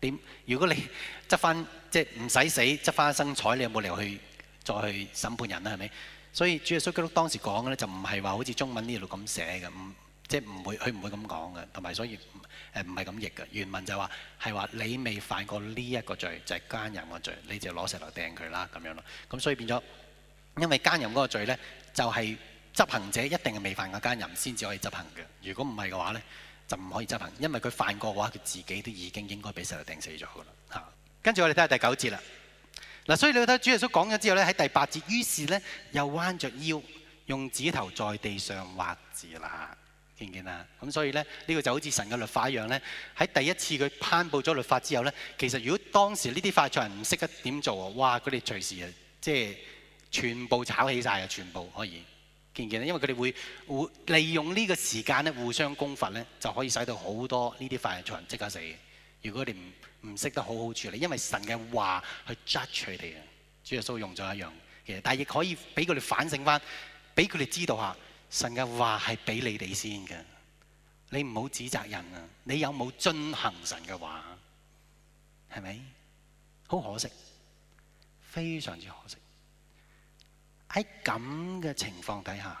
點，如果你執翻即係唔使死，執翻生彩，你有冇理由去再去審判人咧？係咪？所以主耶穌基督當時講嘅呢，就唔係話好似中文呢度咁寫嘅。即係唔會，佢唔會咁講嘅，同埋所以誒唔係咁譯嘅。原文就係話係話你未犯過呢一個罪，就係、是、奸淫嘅罪，你就攞石頭掟佢啦咁樣咯。咁所以變咗，因為奸淫嗰個罪呢，就係、是、執行者一定係未犯過奸淫先至可以執行嘅。如果唔係嘅話呢，就唔可以執行，因為佢犯過嘅話，佢自己都已經應該俾石頭掟死咗嘅啦。嚇，跟住我哋睇下第九節啦。嗱，所以你睇主耶穌講咗之後呢，喺第八節，於是呢，又彎着腰，用指頭在地上畫字啦。見唔見啊，咁所以咧，呢、這個就好似神嘅律法一樣咧。喺第一次佢頒布咗律法之後咧，其實如果當時呢啲法人唔識得點做啊，哇！佢哋隨時啊，即係全部炒起晒，啊，全部可以見唔見啊。因為佢哋會會利用呢個時間咧，互相攻伐咧，就可以使到好多呢啲法人即刻死。如果佢哋唔唔識得好好處理，因為神嘅話去 judge 佢哋啊，主耶穌用咗一樣，其實但係亦可以俾佢哋反省翻，俾佢哋知道下。神嘅話係俾你哋先嘅，你唔好指責人啊！你有冇進行神嘅話？係咪？好可惜，非常之可惜。喺咁嘅情況底下，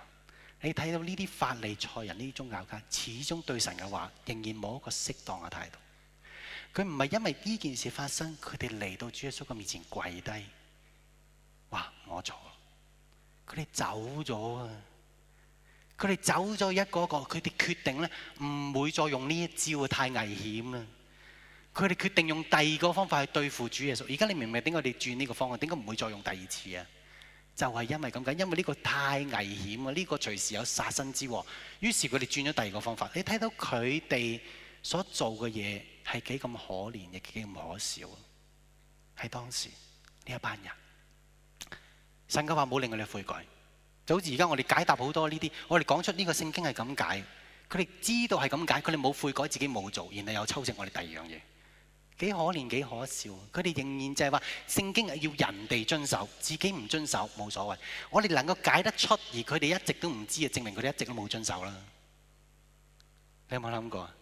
你睇到呢啲法利賽人呢啲宗教家，始終對神嘅話仍然冇一個適當嘅態度。佢唔係因為呢件事發生，佢哋嚟到主耶穌嘅面前跪低，哇！我錯，佢哋走咗啊！.佢哋走咗一個個，佢哋決定咧，唔會再用呢一招，太危險啦！佢哋決定用第二個方法去對付主耶穌。而家你明唔明點解佢哋轉呢個方案？點解唔會再用第二次啊？就係因為咁解，因為呢個太危險啊！呢個隨時有殺身之禍。於是佢哋轉咗第二個方法。你睇到佢哋所做嘅嘢係幾咁可憐，亦幾咁可笑。喺當時呢一班人，神嘅話冇令我哋悔改。就好似而家我哋解答好多呢啲，我哋講出呢個聖經係咁解，佢哋知道係咁解，佢哋冇悔改自己冇做，然後又抽秤我哋第二樣嘢，幾可憐幾可笑啊！佢哋仍然就係話聖經係要人哋遵守，自己唔遵守冇所謂。我哋能夠解得出，而佢哋一直都唔知，就證明佢哋一直都冇遵守啦。你有冇諗過啊？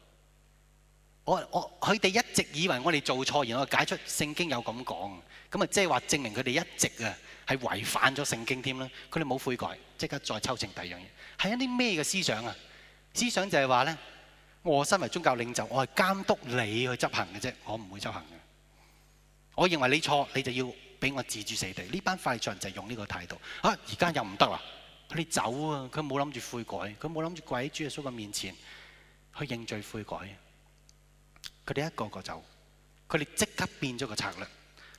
我我佢哋一直以為我哋做錯，然後解出聖經有咁講，咁啊即係話證明佢哋一直啊。係違反咗聖經添啦！佢哋冇悔改，即刻再抽成第二樣嘢。係一啲咩嘅思想啊？思想就係話咧：我身為宗教領袖，我係監督你去執行嘅啫，我唔會執行嘅。我認為你錯，你就要俾我置諸死地。呢班快罪人就係用呢個態度。啊！而家又唔得啦，佢哋走啊！佢冇諗住悔改，佢冇諗住跪喺主耶穌嘅面前去認罪悔改。佢哋一個一個走，佢哋即刻變咗個策略。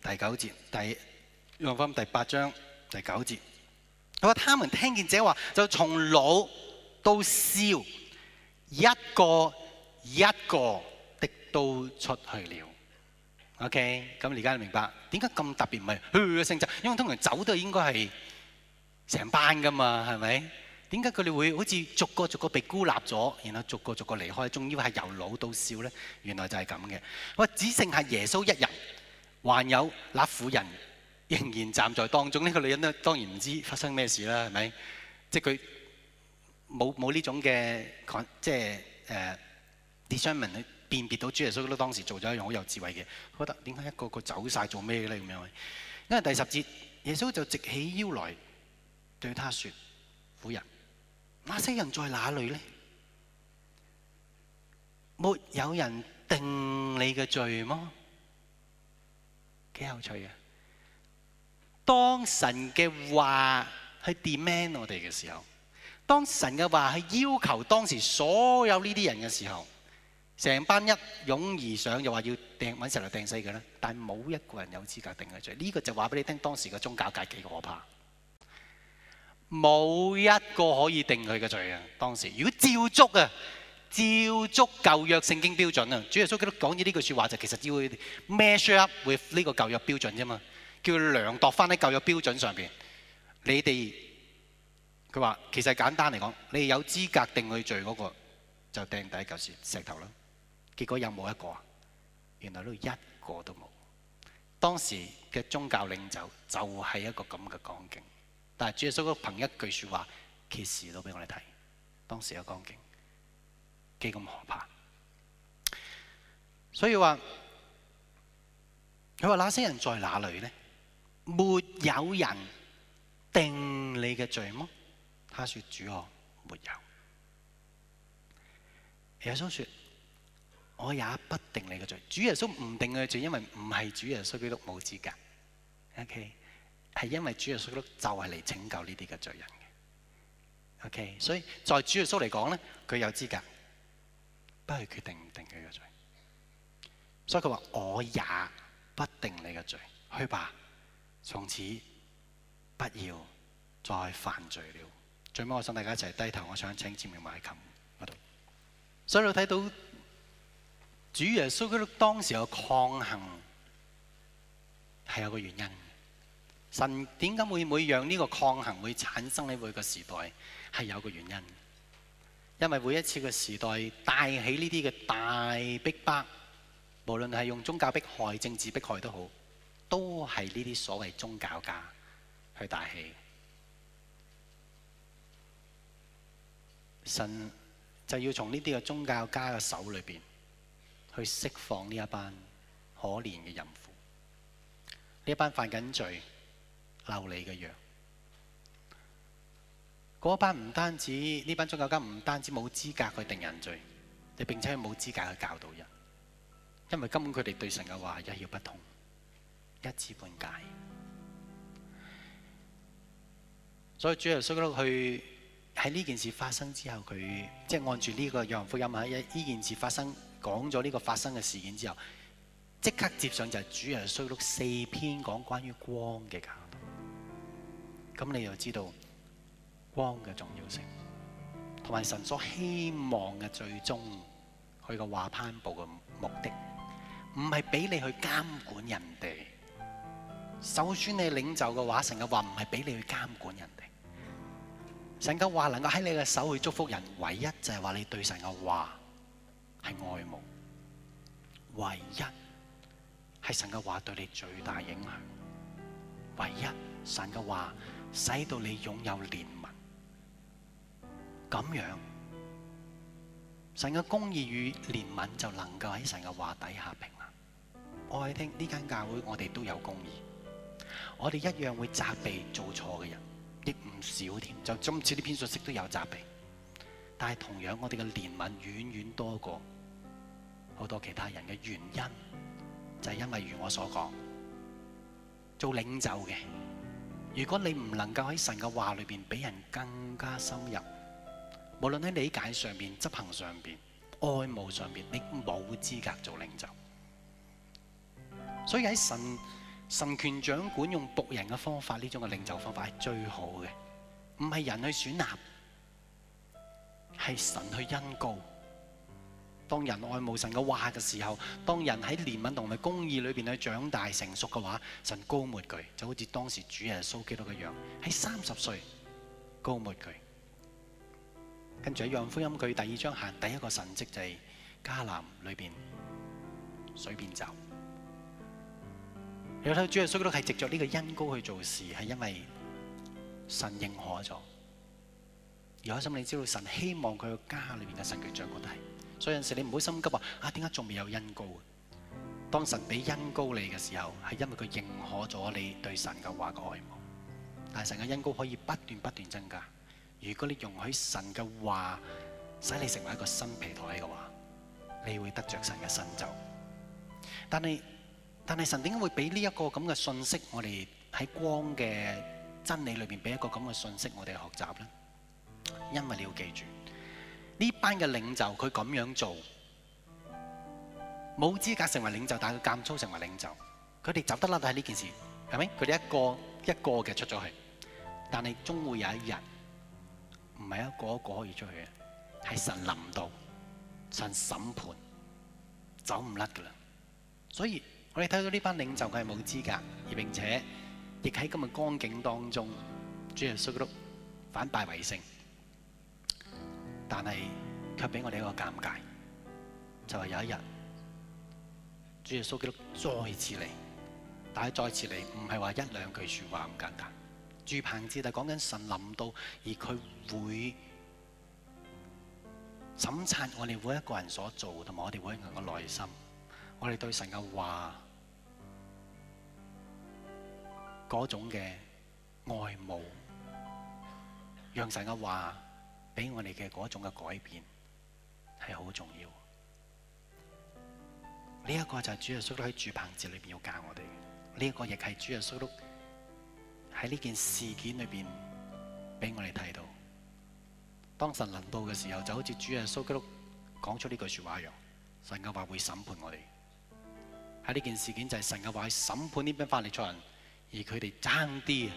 第九節，第用翻第八章第九節。佢話：他們聽見這話，就從老到少，一個一個的都出去了。OK，咁而家你明白點解咁特別唔係去嘅性質？因為通常走都應該係成班噶嘛，係咪？點解佢哋會好似逐個逐個被孤立咗，然後逐個逐個離開？仲要係由老到少咧？原來就係咁嘅。我話只剩下耶穌一人。還有那婦人仍然站在當中，呢、這個女人咧，當然唔知道發生咩事啦，係咪？即係佢冇冇呢種嘅即係誒 discernment 去辨別到主耶穌都當時做咗一樣好有智慧嘅，覺得點解一個一個走晒做咩咧咁樣？因為第十節耶穌就直起腰來對他説：婦人，那些人在哪裏咧？沒有人定你嘅罪嗎？幾有趣啊！當神嘅話去 demand 我哋嘅時候，當神嘅話去要求當時所有呢啲人嘅時候，成班一擁而上就話要掟揾石頭掟死佢㗎啦，但係冇一個人有資格定佢罪，呢、這個就話俾你聽當時嘅宗教界幾可怕，冇一個可以定佢嘅罪啊！當時如果照足啊！照足舊約聖經標準啊！主耶穌佢都講咗呢句説話，就其實要 match up with 呢個舊約標準啫嘛，叫量度翻喺舊約標準上邊。你哋佢話其實簡單嚟講，你哋有資格定去罪嗰個，就掟第一嚿石頭啦。結果有冇一個啊？原來都一個都冇。當時嘅宗教領袖就係一個咁嘅光景。但係主耶穌都憑一句説話，其實都俾我哋睇，當時嘅光景。幾咁可怕，所以話，佢話，那些人在哪裏呢，沒有人定你嘅罪麼？他說，主，我沒有。耶穌說：我也不定你嘅罪。主耶穌唔定佢嘅罪，因為唔係主耶穌基督冇資格。OK，係因為主耶穌基督就係嚟拯救呢啲嘅罪人嘅。OK，所以在主耶穌嚟講咧，佢有資格。不係決定唔定佢個罪，所以佢話我也不定你個罪，去吧，從此不要再犯罪了。最尾我想大家一齊低頭，我想請前面埋琴嗰度。所以你睇到主耶穌佢當時嘅抗衡係有個原因，神點解會會讓呢個抗衡會產生喺每一個時代，係有個原因。因為每一次嘅時代帶起呢啲嘅大逼迫，無論係用宗教逼害、政治逼害都好，都係呢啲所謂宗教家去帶起。神就要從呢啲嘅宗教家嘅手裏面去釋放呢一班可憐嘅淫婦，呢一班犯緊罪、褻瀆嘅羊。嗰班唔單止呢班宗教家唔單止冇資格去定人罪，你並且冇資格去教導人，因為根本佢哋對神嘅話一竅不通，一知半解。所以主耶穌基督喺呢件事發生之後，佢即係按住呢、這個約翰福音喺呢件事發生講咗呢個發生嘅事件之後，即刻接上就係主耶穌基督四篇講關於光嘅教導。咁你又知道？光嘅重要性，同埋神所希望嘅最終，佢嘅話攀步嘅目的，唔係俾你去監管人哋，首先你領袖嘅話，神嘅話唔係俾你去監管人哋，神嘅話能夠喺你嘅手去祝福人，唯一就係話你對神嘅話係愛慕，唯一係神嘅話對你最大影響，唯一神嘅話使到你擁有憐。咁樣，神嘅公義與憐憫就能夠喺神嘅話底下平衡。我喺聽呢間教會，我哋都有公義，我哋一樣會責備做錯嘅人，亦唔少添。就今次呢篇信息都有責備，但係同樣我哋嘅憐憫遠遠多過好多其他人嘅原因，就係因為如我所講，做領袖嘅，如果你唔能夠喺神嘅話裏邊俾人更加深入。無論喺理解上邊、執行上邊、愛慕上邊，你冇資格做領袖。所以喺神神權掌管用僕人嘅方法呢種嘅領袖方法係最好嘅，唔係人去選立，係神去恩膏。當人愛慕神嘅話嘅時候，當人喺憐憫同埋公義裏邊去長大成熟嘅話，神膏抹佢，就好似當時主耶穌基督嘅樣，喺三十歲膏抹佢。跟住喺《約翰福音》佢第二章下，第一個神跡就係迦南裏邊水變酒。你睇到主耶穌基督係藉著呢個恩膏去做事，係因為神認可咗。而喺心裏知道神希望佢嘅家裏邊嘅神嘅掌管都係。所以有陣時你唔好心急啊！點解仲未有恩膏啊？當神俾恩膏你嘅時候，係因為佢認可咗你對神嘅話嘅愛慕。但係神嘅恩膏可以不斷不斷增加。如果你容許神嘅話使你成為一個新皮袋嘅話，你會得着神嘅新酒。但係但係神點解會俾呢一個咁嘅信息？我哋喺光嘅真理裏邊俾一個咁嘅信息，我哋學習咧，因為你要記住呢班嘅領袖佢咁樣做冇資格成為領袖，但係佢監操成為領袖，佢哋走得甩喺呢件事係咪？佢哋一個一個嘅出咗去，但係終會有一日。唔係啊，是一個一個可以出去嘅，係神臨到，神審判，走唔甩噶啦。所以我哋睇到呢班領袖佢係冇資格，而並且亦喺今日光景當中，主耶穌基督反敗為勝，但係卻俾我哋一個尷尬，就係、是、有一日，主耶穌基督再次嚟，但係再次嚟唔係話一兩句說話咁簡單。住棚節就講緊神諗到，而佢會審察我哋每一個人所做，同埋我哋每一個人嘅內心，我哋對神嘅話嗰種嘅愛慕，讓神嘅話俾我哋嘅嗰種嘅改變係好重要。呢、這、一個就係主耶穌喺住棚節裏邊要教我哋，呢、這、一個亦係主耶穌。喺呢件事件裏邊，俾我哋睇到，當神臨到嘅時候，就好似主耶穌基督講出呢句說話一樣，神嘅話會審判我哋。喺呢件事件就係神嘅話，係審判呢班法利賽人，而佢哋爭啲，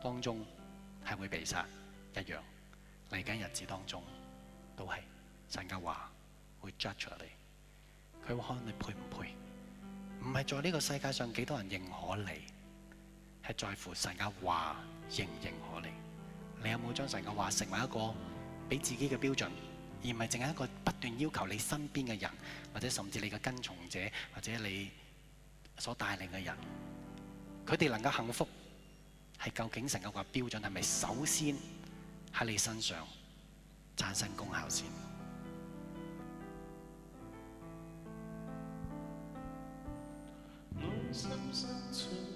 當中係會被殺一樣。嚟緊日子當中，都係神嘅話會，會 judge 我哋，佢會看你配唔配，唔係在呢個世界上幾多人認可你，係在乎神嘅話認唔認可你？你有冇將神嘅話成為一個俾自己嘅標準，而唔係淨係一個不斷要求你身邊嘅人，或者甚至你嘅跟從者，或者你所帶領嘅人，佢哋能夠幸福，係究竟神嘅話標準係咪首先喺你身上產生功效先？嗯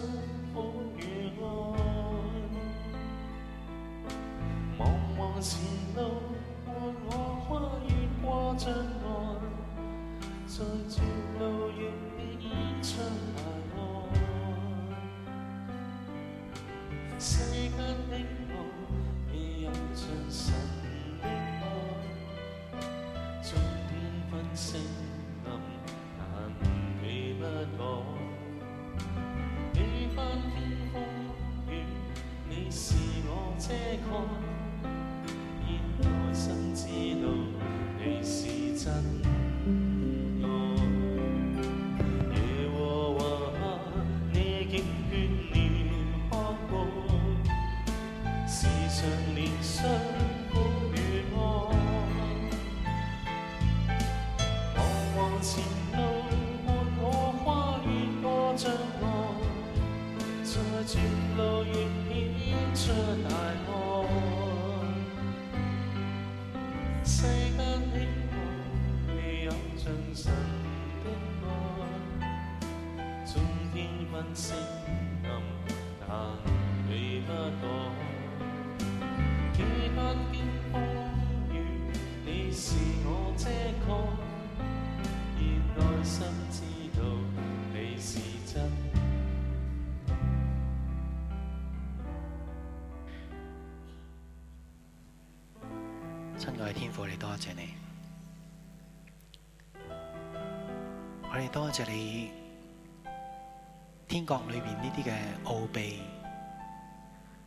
各位天父，你多謝你，我哋多謝你。天國裏邊呢啲嘅奧秘，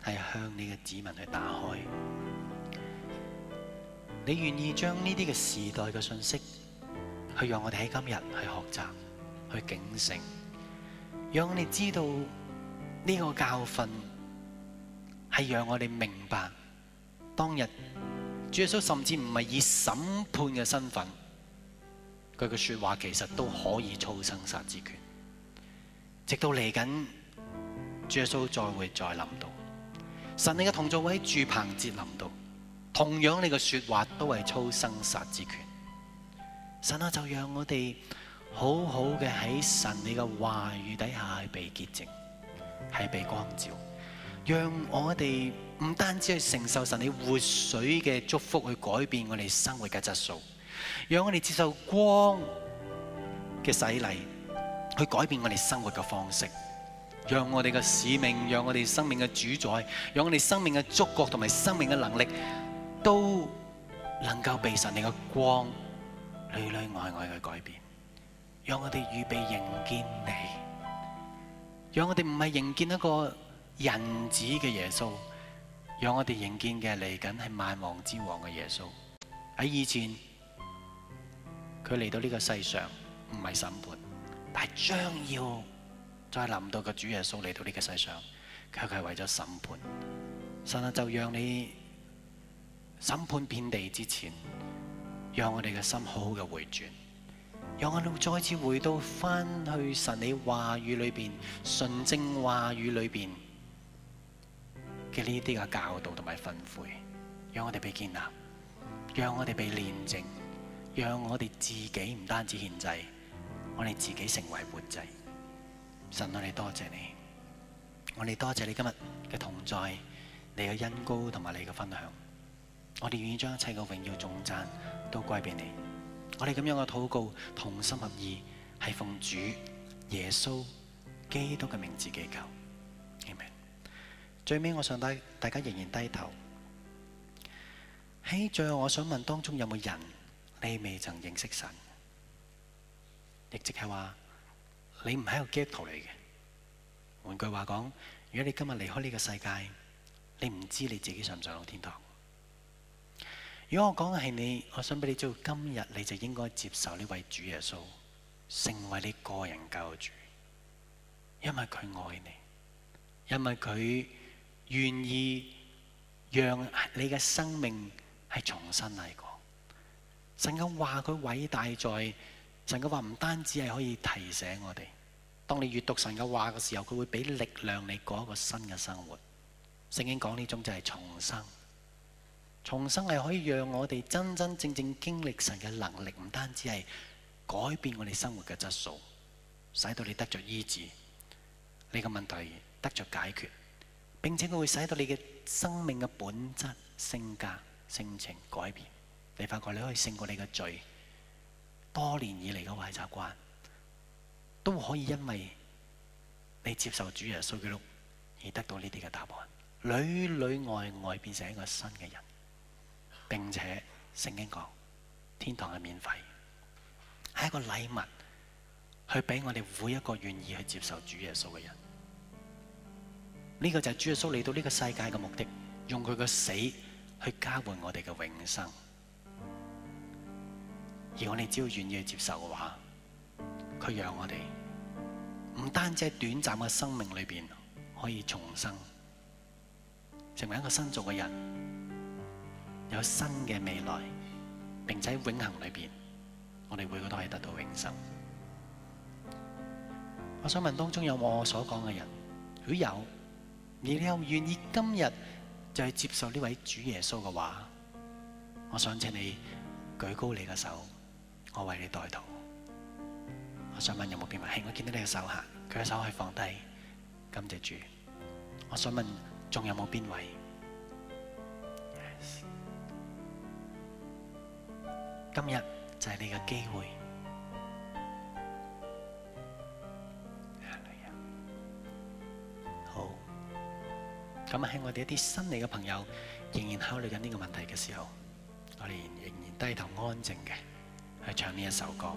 係向你嘅子民去打開。你願意將呢啲嘅時代嘅信息，去讓我哋喺今日去學習，去警醒，讓我哋知道呢個教訓，係讓我哋明白當日。主耶穌甚至唔係以審判嘅身份，佢嘅說話其實都可以操生殺之權，直到嚟緊，主耶穌再會再臨到，神你嘅同座會喺住棚節臨到，同樣你嘅說話都係操生殺之權，神啊，就讓我哋好好嘅喺神你嘅話語底下被潔淨，係被光照，讓我哋。唔單止係承受神你活水嘅祝福，去改變我哋生活嘅質素，讓我哋接受光嘅洗禮，去改變我哋生活嘅方式，讓我哋嘅使命，讓我哋生命嘅主宰，讓我哋生命嘅觸覺同埋生命嘅能力都能夠被神你嘅光裏裏外外去改變，讓我哋預備迎見你，讓我哋唔係迎接一個人子嘅耶穌。讓我哋迎見嘅嚟緊係萬王之王嘅耶穌。喺以前，佢嚟到呢個世上唔係審判，但係將要再臨到嘅主耶穌嚟到呢個世上，佢係為咗審判。神、啊、就讓你審判遍地之前，讓我哋嘅心好好嘅回轉，讓我哋再次回到翻去神你話語裏邊、純正話語裏邊。嘅呢啲嘅教導同埋訓誨，讓我哋被建立，讓我哋被煉淨，讓我哋自己唔單止獻祭，我哋自己成為活祭。神，我哋多謝你，我哋多謝你今日嘅同在，你嘅恩膏同埋你嘅分享，我哋願意將一切嘅榮耀頌讚都歸俾你。我哋咁樣嘅禱告，同心合意，係奉主耶穌基督嘅名字祈求。最尾我想低，大家仍然低頭。喺最後，我想問當中有冇人你未曾認識神？亦即係話你唔係一個基督徒嚟嘅。換句話講，如果你今日離開呢個世界，你唔知道你自己上唔上到天堂。如果我講嘅係你，我想俾你知道，今日你就應該接受呢位主耶穌成為你個人救主，因為佢愛你，因為佢。願意讓你嘅生命係重新嚟過。神嘅話佢偉大在，神嘅話唔單止係可以提醒我哋，當你閱讀神嘅話嘅時候，佢會俾力量你過一個新嘅生活。聖經講呢種就係重生，重生係可以讓我哋真真正正經歷神嘅能力，唔單止係改變我哋生活嘅質素，使到你得着醫治，呢個問題得咗解決。並且佢會使到你嘅生命嘅本質、性格、性情改變。你發覺你可以勝過你嘅罪，多年以嚟嘅壞習慣，都可以因為你接受主耶穌嘅路而得到呢啲嘅答案。裏裏外外變成一個新嘅人，並且聖經講，天堂係免費，係一個禮物，去俾我哋每一個願意去接受主耶穌嘅人。呢個就係主耶穌嚟到呢個世界嘅目的，用佢嘅死去交換我哋嘅永生，而我哋只要願意去接受嘅話，佢讓我哋唔單止喺短暫嘅生命裏邊可以重生，成為一個新造嘅人，有新嘅未來，並且喺永恆裏邊，我哋每個都可以得到永生。我想問當中有冇我所講嘅人？如果有，而你又唔願意今日就係接受呢位主耶穌嘅話？我想請你舉高你嘅手，我為你代禱。我想問有冇邊位？係，我見到你嘅手吓，佢嘅手可以放低，感謝主。我想問仲有冇邊位？Yes. 今日就係你嘅機會。咁喺我哋一啲新嚟嘅朋友仍然考慮緊呢個問題嘅時候，我哋仍然低頭安靜嘅去唱呢一首歌。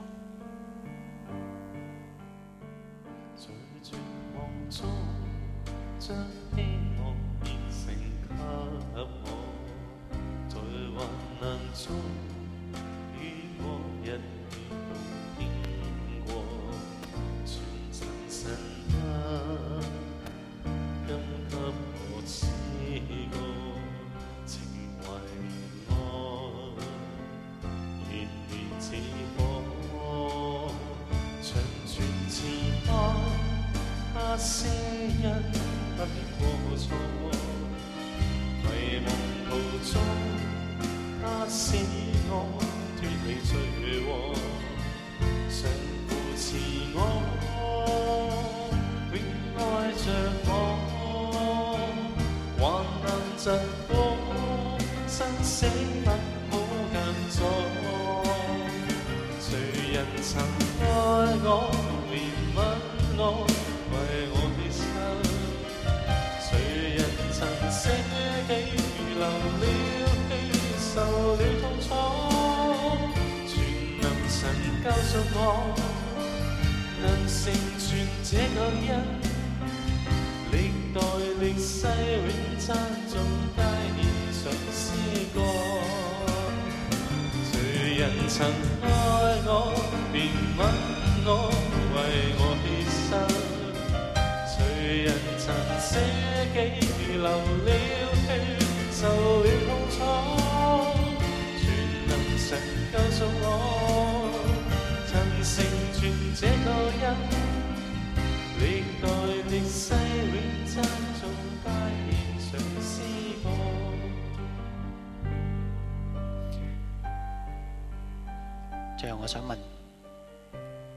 我想問，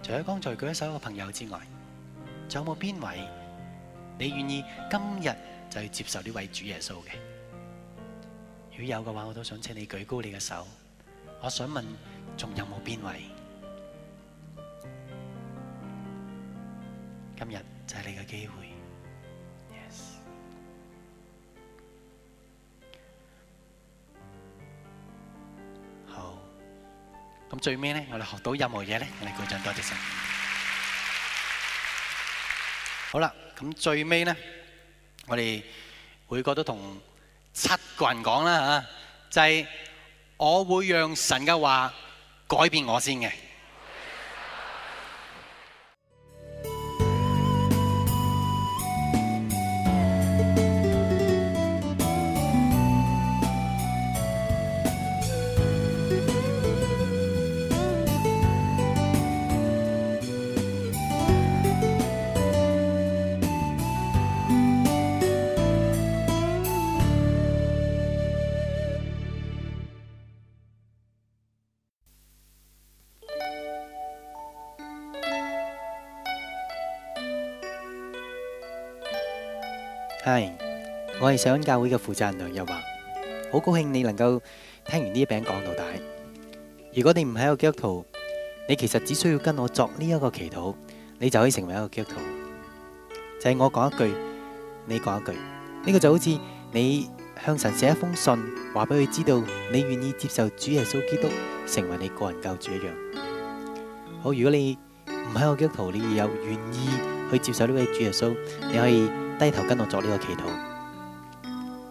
除咗剛才舉一手嘅朋友之外，仲有冇邊位你願意今日就去接受呢位主耶穌嘅？如果有嘅話，我都想請你舉高你嘅手。我想問，仲有冇邊位？今日就係你嘅機會。最尾咧，我哋學到任何嘢咧，我哋鼓掌多謝先。好啦，咁最尾咧，我哋每個都同七個人講啦嚇，就係我會讓神嘅話改變我先嘅。係上恩教會嘅負責人梁日華話：，好高興你能夠聽完呢一餅講道帶。如果你唔喺個基督徒，你其實只需要跟我作呢一個祈禱，你就可以成為一個基督徒。就係我講一句，你講一句，呢個就好似你向神寫一封信，話俾佢知道你願意接受主耶穌基督成為你個人救主一樣。好，如果你唔喺個基督徒，你又願意去接受呢位主耶穌，你可以低頭跟我作呢個祈禱。